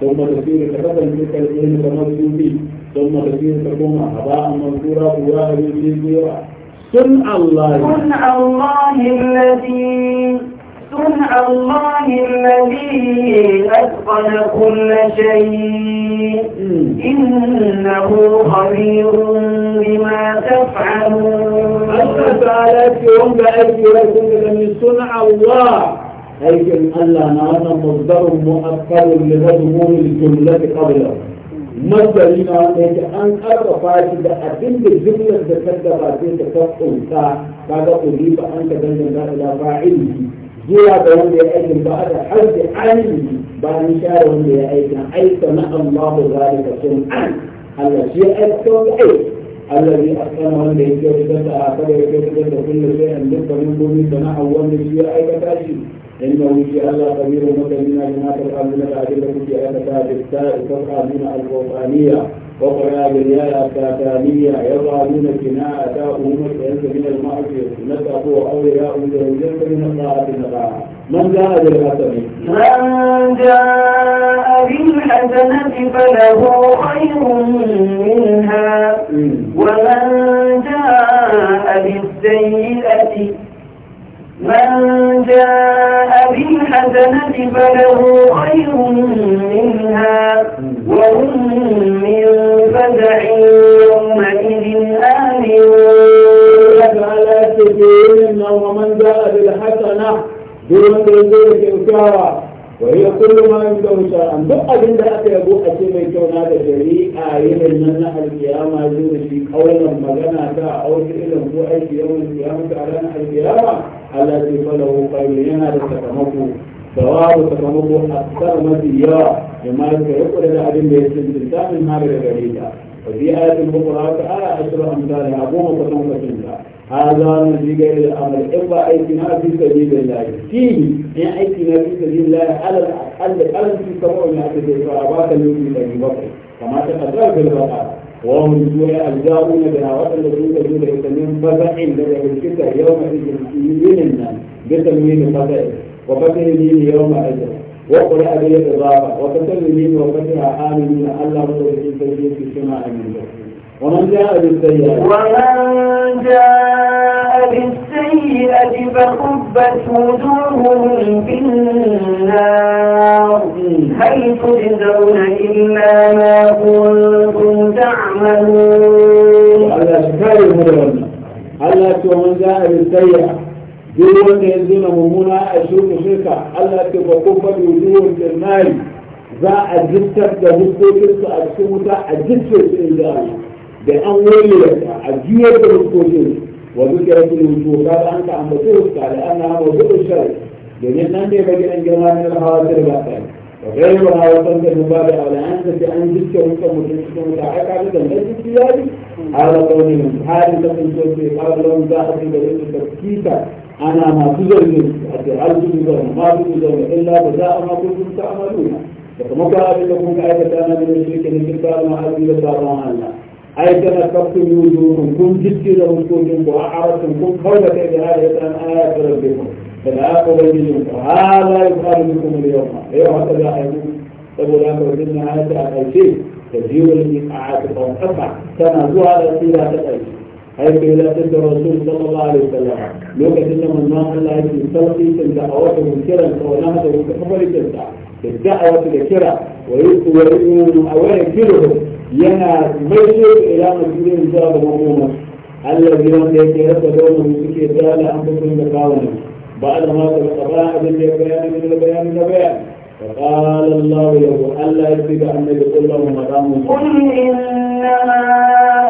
ثم تسير كفتن تلك العلم كما فيه ثم كثير تكون هباء منثورا وراء بالكثير صنع الله صنع الله الذي صنع الله الذي أتقن كل شيء إنه خبير بما تفعلون أنت سألت يوم بأيدي رسول من صنع الله أن ألا نرانا مصدر مؤثر لمضمون الجملة قبله مصدر ما أنت أن أرى فاتي ده أدين الجملة ده كذا بعدين ده بين الناس لا فاعلي جرا بهم بعد حد عني بعد شارهم يا أيها أي سمع الله ذلك سمع على شيء أكثر أي الذي أسلمهم ليكتب ده أعتبر كتب ده كل شيء من قبل من دون سمع أول شيء أي كتاب إنه في ألا قدير مكلنا لما تلقى من الأدلة في أتتا السائل تلقى من القرآنية وقرا بالياء التاتانية يضع من الجناء تاؤهم الإنس من المعصية نسأه أو ياء الجنس من الطاعة النقاعة من جاء بالحسنة من جاء بالحسنة فله خير منها ومن جاء بالسيئة من جاء بالحسنة فله خير منها وهم من فزع يومئذ آمنون تعالى تجيرنا ومن جاء بالحسنة دون ذلك إنكارا وهي كل ما عنده شرعا duk abin da aka yabo a ce mai kyau na da shari'a yanayin nan na alkiyama zo da shi kaulan magana ta a wasu irin ko aiki yawan kiyama ta ranar alkiyama التي فله قليلين على التكامل سواب التكامل أكثر من مزيا لما يقول إلى أدن بيسن من هذه الغريبة وفي آية الأخرى تعالى عشر أمثال أبوه فتنة تلتا هذا نزيق إلى الأمر إبقى إتنا في سبيل الله فيه إن إتنا في سبيل الله على الأقل في سبوع من أجل إسرائبات اليوم في سبيل بطر كما تقدر في البقاء وهم الجوع الجارون بها وتلذون دون يسمون فزع لدى الشتاء يومئذ من الناس بتنوين فزع وفتح الدين يومئذ وقرأ بالإضافة وتسلمين وفتح آمنين ألا هو في الشمال من ذلك ومن جاء بالسيئة ومن جاء بالسيئة فكبت وجوههم في النار هل تجزون إلا ما كنتم تعملون على شكال المدرمة ألا ومن جاء بالسيئة دون يزين هنا أشوف شركة ألا تفكبت وجوههم في النار za a jittar da أجدتك a cikin wuta بأن عجية الكوزين وذكرة الوجود هذا أنت عم تقولك على أنها موجودة الشرع لأن أنت بقي أن جمال من الحواسر الباقية وغيرها وصلت المبادة على أن أن جدك وأنت مدرك متعلق على ذلك ليس في هذا قول من حال تقل صوت في قال لهم ذاهب إلى ذلك التفكيك أنا ما تزل منك أجعلت بذلك ما تزل إلا بداء ما كنتم تعملون فتمكى أبي لكم كأيك تعمل من الشرك لكي تعمل من الشرك أي كما تقتل وجوهكم جسد وجوهكم وأعرضتم كن قولك بهذا يسأل آيات ربكم فالآخر يجيكم هذا يقال بكم اليوم أيها التلاحظون تقول أمر بدنا أي شيء تجيب الإقعاء قوم أفع تنازوها الأسئلة تقل حيث لا تلك الرسول صلى الله عليه وسلم لوك تلك من ما قال لها في سلطي تلك أوته من كرة فولامته من كفر تلك من كرة ويؤمن أولا كلهم yana maishe da ila majirin zuwa ga makomar Allah gidan da yake rasa daunar suke zala an fusun da kawunan ba a zama da ba abin da ya bayani da bayani da bayani فقال الله له ألا يكفيك أن يقول له مقام قل إنما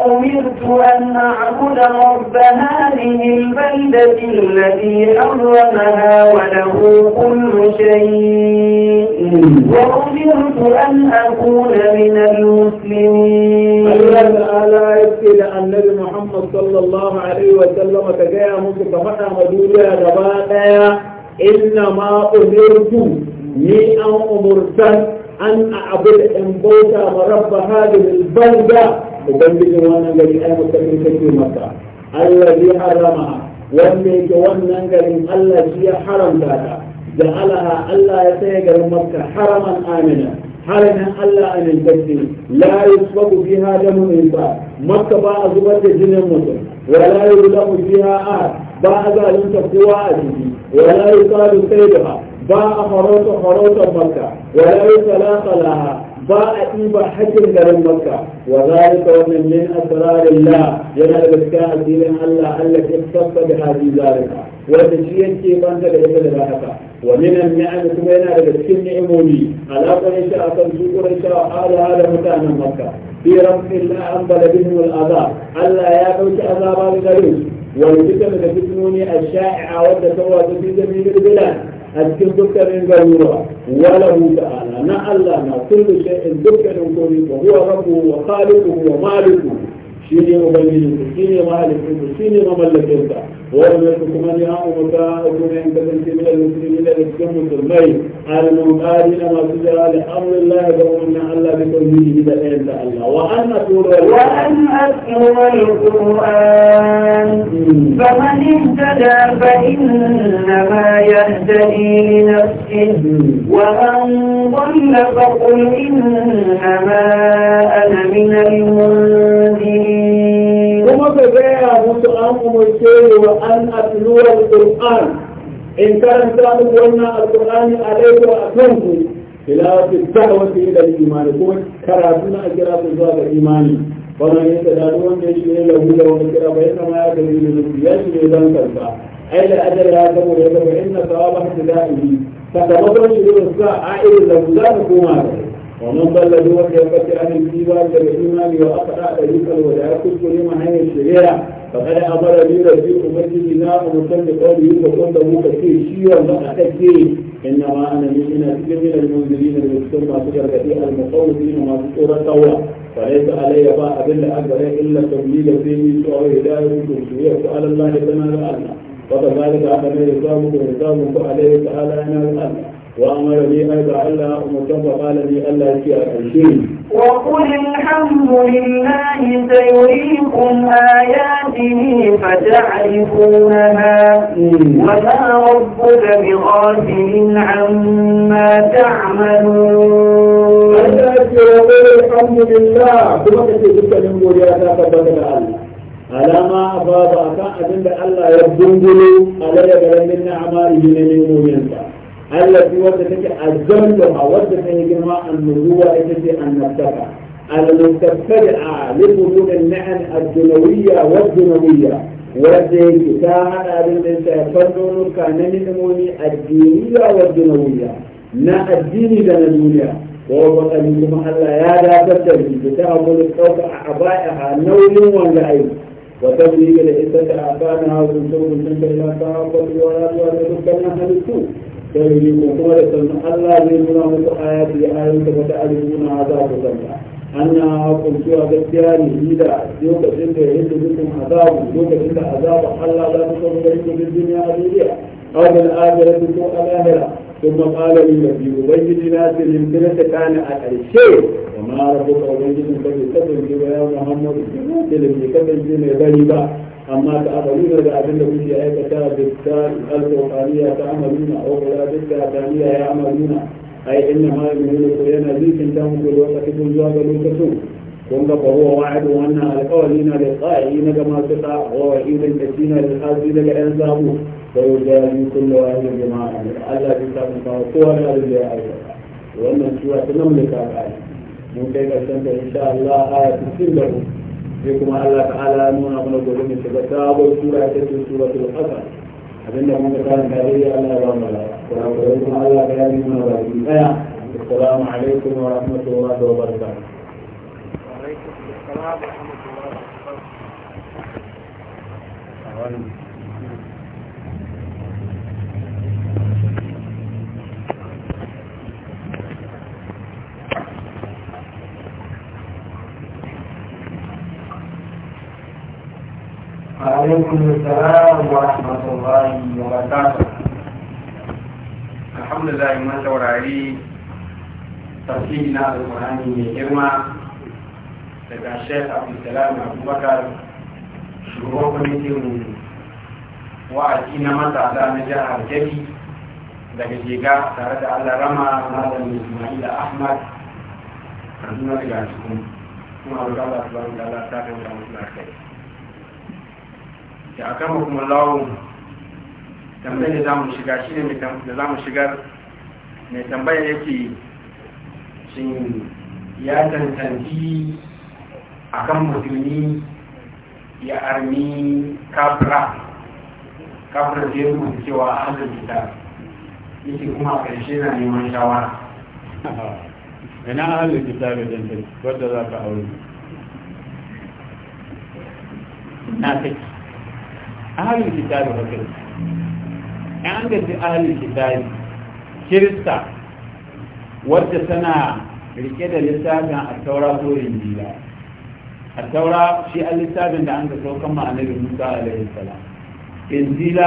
أمرت أن أعبد رب هذه البلدة الذي حرمها وله كل شيء وأمرت أن أكون من المسلمين الا تعالى ان النبي محمد صلى الله عليه وسلم تجاه مصر فمتى مدولة دباتا إنما أمرت ni an umurtan an abin in bauta ma rabba hadin banda ubangijin wannan gari ai musamman kake maka Allah zai harama wanda yake wannan garin Allah shi ya haramta ta da alaha Allah ya sai garin makka haraman amina haramin Allah amintacce la yusbabu fiha damu insa makka ba a zubar da jinin mutum wala yuzlamu fiha ahad ba a zalunta kowa a jiki wala yusalu saydaha باء خروت خروت مكة وليس لا لها باء إيبا حجر من مكة وذلك ومن من أسرار الله ينال بسكاء الدين الله التي اختص بها في ذلك وتشيئا كيفا تبعث لذلك ومن النعم كما ينال بسكن عمومي على قريش أتنسو قريش وحال هذا مكان مكة في رفع الله أنبل بهم الأذاب ألا يأتوك أذابا لغيره والفتن فتنوني الشائعة والتسوى في سبيل البلاد أذكر دكتور إن قالوا وله تعالى نا الله كل شيء دكتور إن وهو ربه وخالقه ومالكه shi ne ubangijinku shi ne mahalikinku shi ne mamallakinka wani ya kuma ne an umarta kuma yan kasance mai musulmi da cikin musulmai al-muqari na masu jira da amrillah da umarnin Allah da tauhidihi da ɗayan da Allah wa an asura wa an asura al-Qur'an faman ihtada fa innama yahtadi li nafsihi wa man dhalla fa qul innama ana min al-mundirin كنت أمم الشيء وأن أتلو القرآن إن كان سامي قلنا القرآن عليك وأتمه خلاف الدعوة إلى الإيمان كون كراتنا أجرات ذات الإيمان ومن يتدادون يشير له يوم الكرة فإنما يأتي بنفسه يشير ذنبا أي لا أجل يا كبر يا كبر إن ثواب احتدائه فتبطل شرور الساعة عائل له لا تقوم عليه ومن ضل دون يفكر عن الإيمان والإيمان وأخطأ ذلك الوداع كل ما هي الشريعة فأنا أمر لي ربي مسجدنا ومسلم قوله فكنت مكفي شيئا فأكفي إنما أنا من من المنزلين المسلم ما سجر في المخوفين وما سجر التوراة فليس علي باع أبل أكبر إلا تبليغ فيه سوى هداية سوية سؤال الله تنال أنا وكذلك أعلم يسامك ويسامك عليه تعالى أنا الأمر وأمر لي أيضا ألا أمرت وقال لي ألا في أرشيني وقل الحمد لله سيريكم آياته فتعرفونها وما ربك بغافل عما تعملون ألا وقل الحمد لله كما كتبت من بولياتها فبدل الله على ما أفاضك kan الله يبدو Allah ya dungulo a ladabarin min na التي وردت أجلها وردت جماعة النبوة التي النبتة المتبعة لقرون النعم الدنوية والدنوية والتي كتاها لابن سيفنون كان من الدينية والدنوية نا الديني لنا الدنيا ووضع لكم ألا يا لا تبتلي بتأمل الصوت أعضائها نول واللعين وتبليغ لإسة أعفانها وتنسوك تنسى إلى صاحبك ولا تؤمنك أنها للسوء sai yi ko kuma da sannan Allah zai nuna muku ayati ayoyin da wata alimuna za ku sanya hanya kuntuwa gaskiya ne ni da lokacin da yake dukkan azabu lokacin da azabu Allah za ta kawo da dukkan duniya a duniya aw bil akhirati ko al akhirah kuma qala lil nabi ubangiji na ce in kira ta kana a ƙarshe wa ma rabbuka ubangijin ka bai kasance ba ya Muhammadu bai kasance mai bari ba أما تعملون بأدلة كل آية بالتاء القرآنية تعملون أو بالأدلة الثانية يعملون أي إنما يؤمنون كلنا ذي تنتهوا كل وقت كل جواب لوكسون كن فهو وعد أن القائلين للقائلين كما تقع ووعيد الذين للحاسين لأنزابه فيجازي كل واحد بما عمل ألا يا فوقوها لا رجاء وأن سورة المملكة بعد من كيف إن شاء الله آية تسلم sai kuma Allah ta'ala nuna mana gobe mu shiga sabon sura ta ce suratul qasas abin da muka kan da dai Allah ya ba mu lafiya kuma Allah ya yi mana baki daya assalamu alaikum wa rahmatullahi wa barakatuh wa alaikum assalam wa rahmatullahi wa barakatuh عليكم السلام ورحمة الله وبركاته الحمد لله ما تورى لي تفصيلنا القرآن من كرمة لدى الشيخ عبد السلام أبو بكر شروق نتهم وعجينا ما تعدى نجاح الجدي لكي جيغا سارد على رمى هذا من إسماعيل أحمد عندنا تجعلكم ثم أبو الله سبحانه وتعالى ساقه وتعالى سبحانه وتعالى da aka kuma lawo tambayar da za mu shiga shi ne da za mu shigar mai tambayar yake shi ya tantanci a kan mutuni ya armi kafra kafra da ya rubuta cewa a hannun gita yake kuma a ƙarshe na neman shawara ina a hannun gita ga jantar wadda za ka aure na take أهل الكتاب وكذا عند أهل الكتاب كريستا وتسنا لكذا لسابع التوراة والإنجيل التوراة شيء لسابع عند أنت سوق مع النبي موسى عليه السلام إنجيل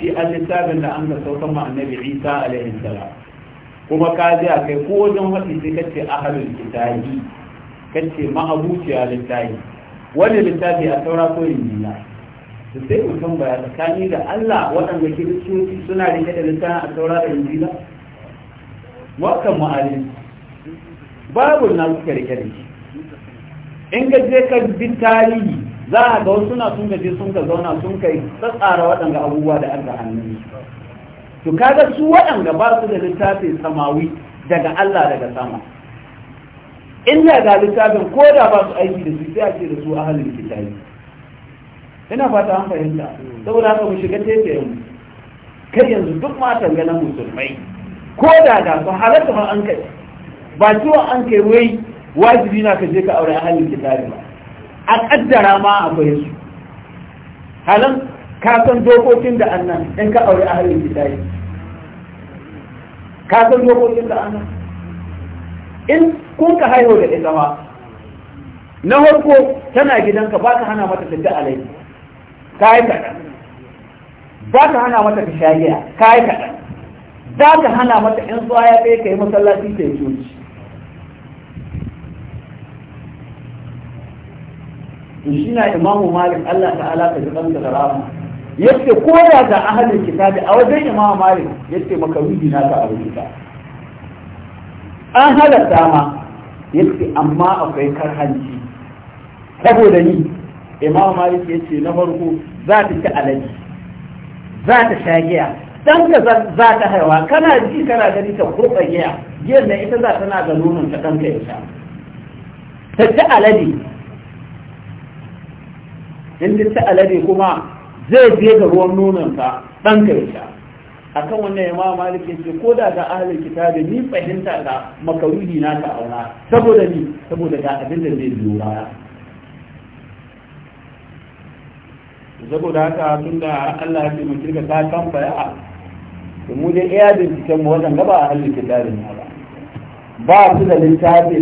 شيء لسابع عند أنت سوق مع النبي عيسى عليه السلام كما قال يا كي قوزن وكي أهل الكتاب كتي ما أبوشي أهل الكتاب ولي لسابع التوراة والإنجيل da sai mutum baya tsakani da Allah waɗanda kiristoci suna rike da littafin a saura da injila wakan mu'alim babu na suka rike da shi in ga je ka bi tarihi za a ga wasu na sun gaje sun ka zauna sun kai tsatsara waɗanda abubuwa da aka hannun to kaga su waɗanda ba su da littafin samawi daga Allah daga sama in da ga littafin ko da ba su aiki da su sai a ce da su ahalin kitabi ina fata an fahimta saboda haka mu shiga tefayen kai yanzu duk matan ganin musulmai ko da da su halatta ma an kai ba cewa an kai wai wajibi na ka je ka aure ahalin kitabi ba a kaddara ma akwai su halan ka san dokokin da annan in ka aure ahalin kitabi ka san dokokin da annan in kun ka haihu da ita ma na farko tana gidanka ba ka hana mata a laifi. ka yi kaɗan za ka hana mata ta shagiya ka yi kaɗan za ka hana mata in zuwa ya kai ka yi masallaci ta yi coci shi na imamu malik allah ta'ala ta ji ɗan da rama yace ko da ga ahalin kitabi a wajen imamu malik yace makaruhi na ka abu kita an halatta ma yace amma akwai karhanci saboda ni imam malik ya ce na farko za ta ci alaji za ta sha giya dan ka za ta haihuwa kana ji kana gani ta kurɓa giya giyar na ita za ta na ga nonon ta ɗanka ya sha ta ci alade in ta alade kuma zai je ga ruwan nonon ta ka ya sha akan wannan imam malik ya ce ko da ga ahlul kitabi ni fahimta da makaruni na ta auna saboda ni saboda ga abin da zai biyo baya saboda haka tun da Allah ya ce mu kirga ta tambaya to mu dai iya binciken mu wajen gaba a halin kitabin ba ba su da littafi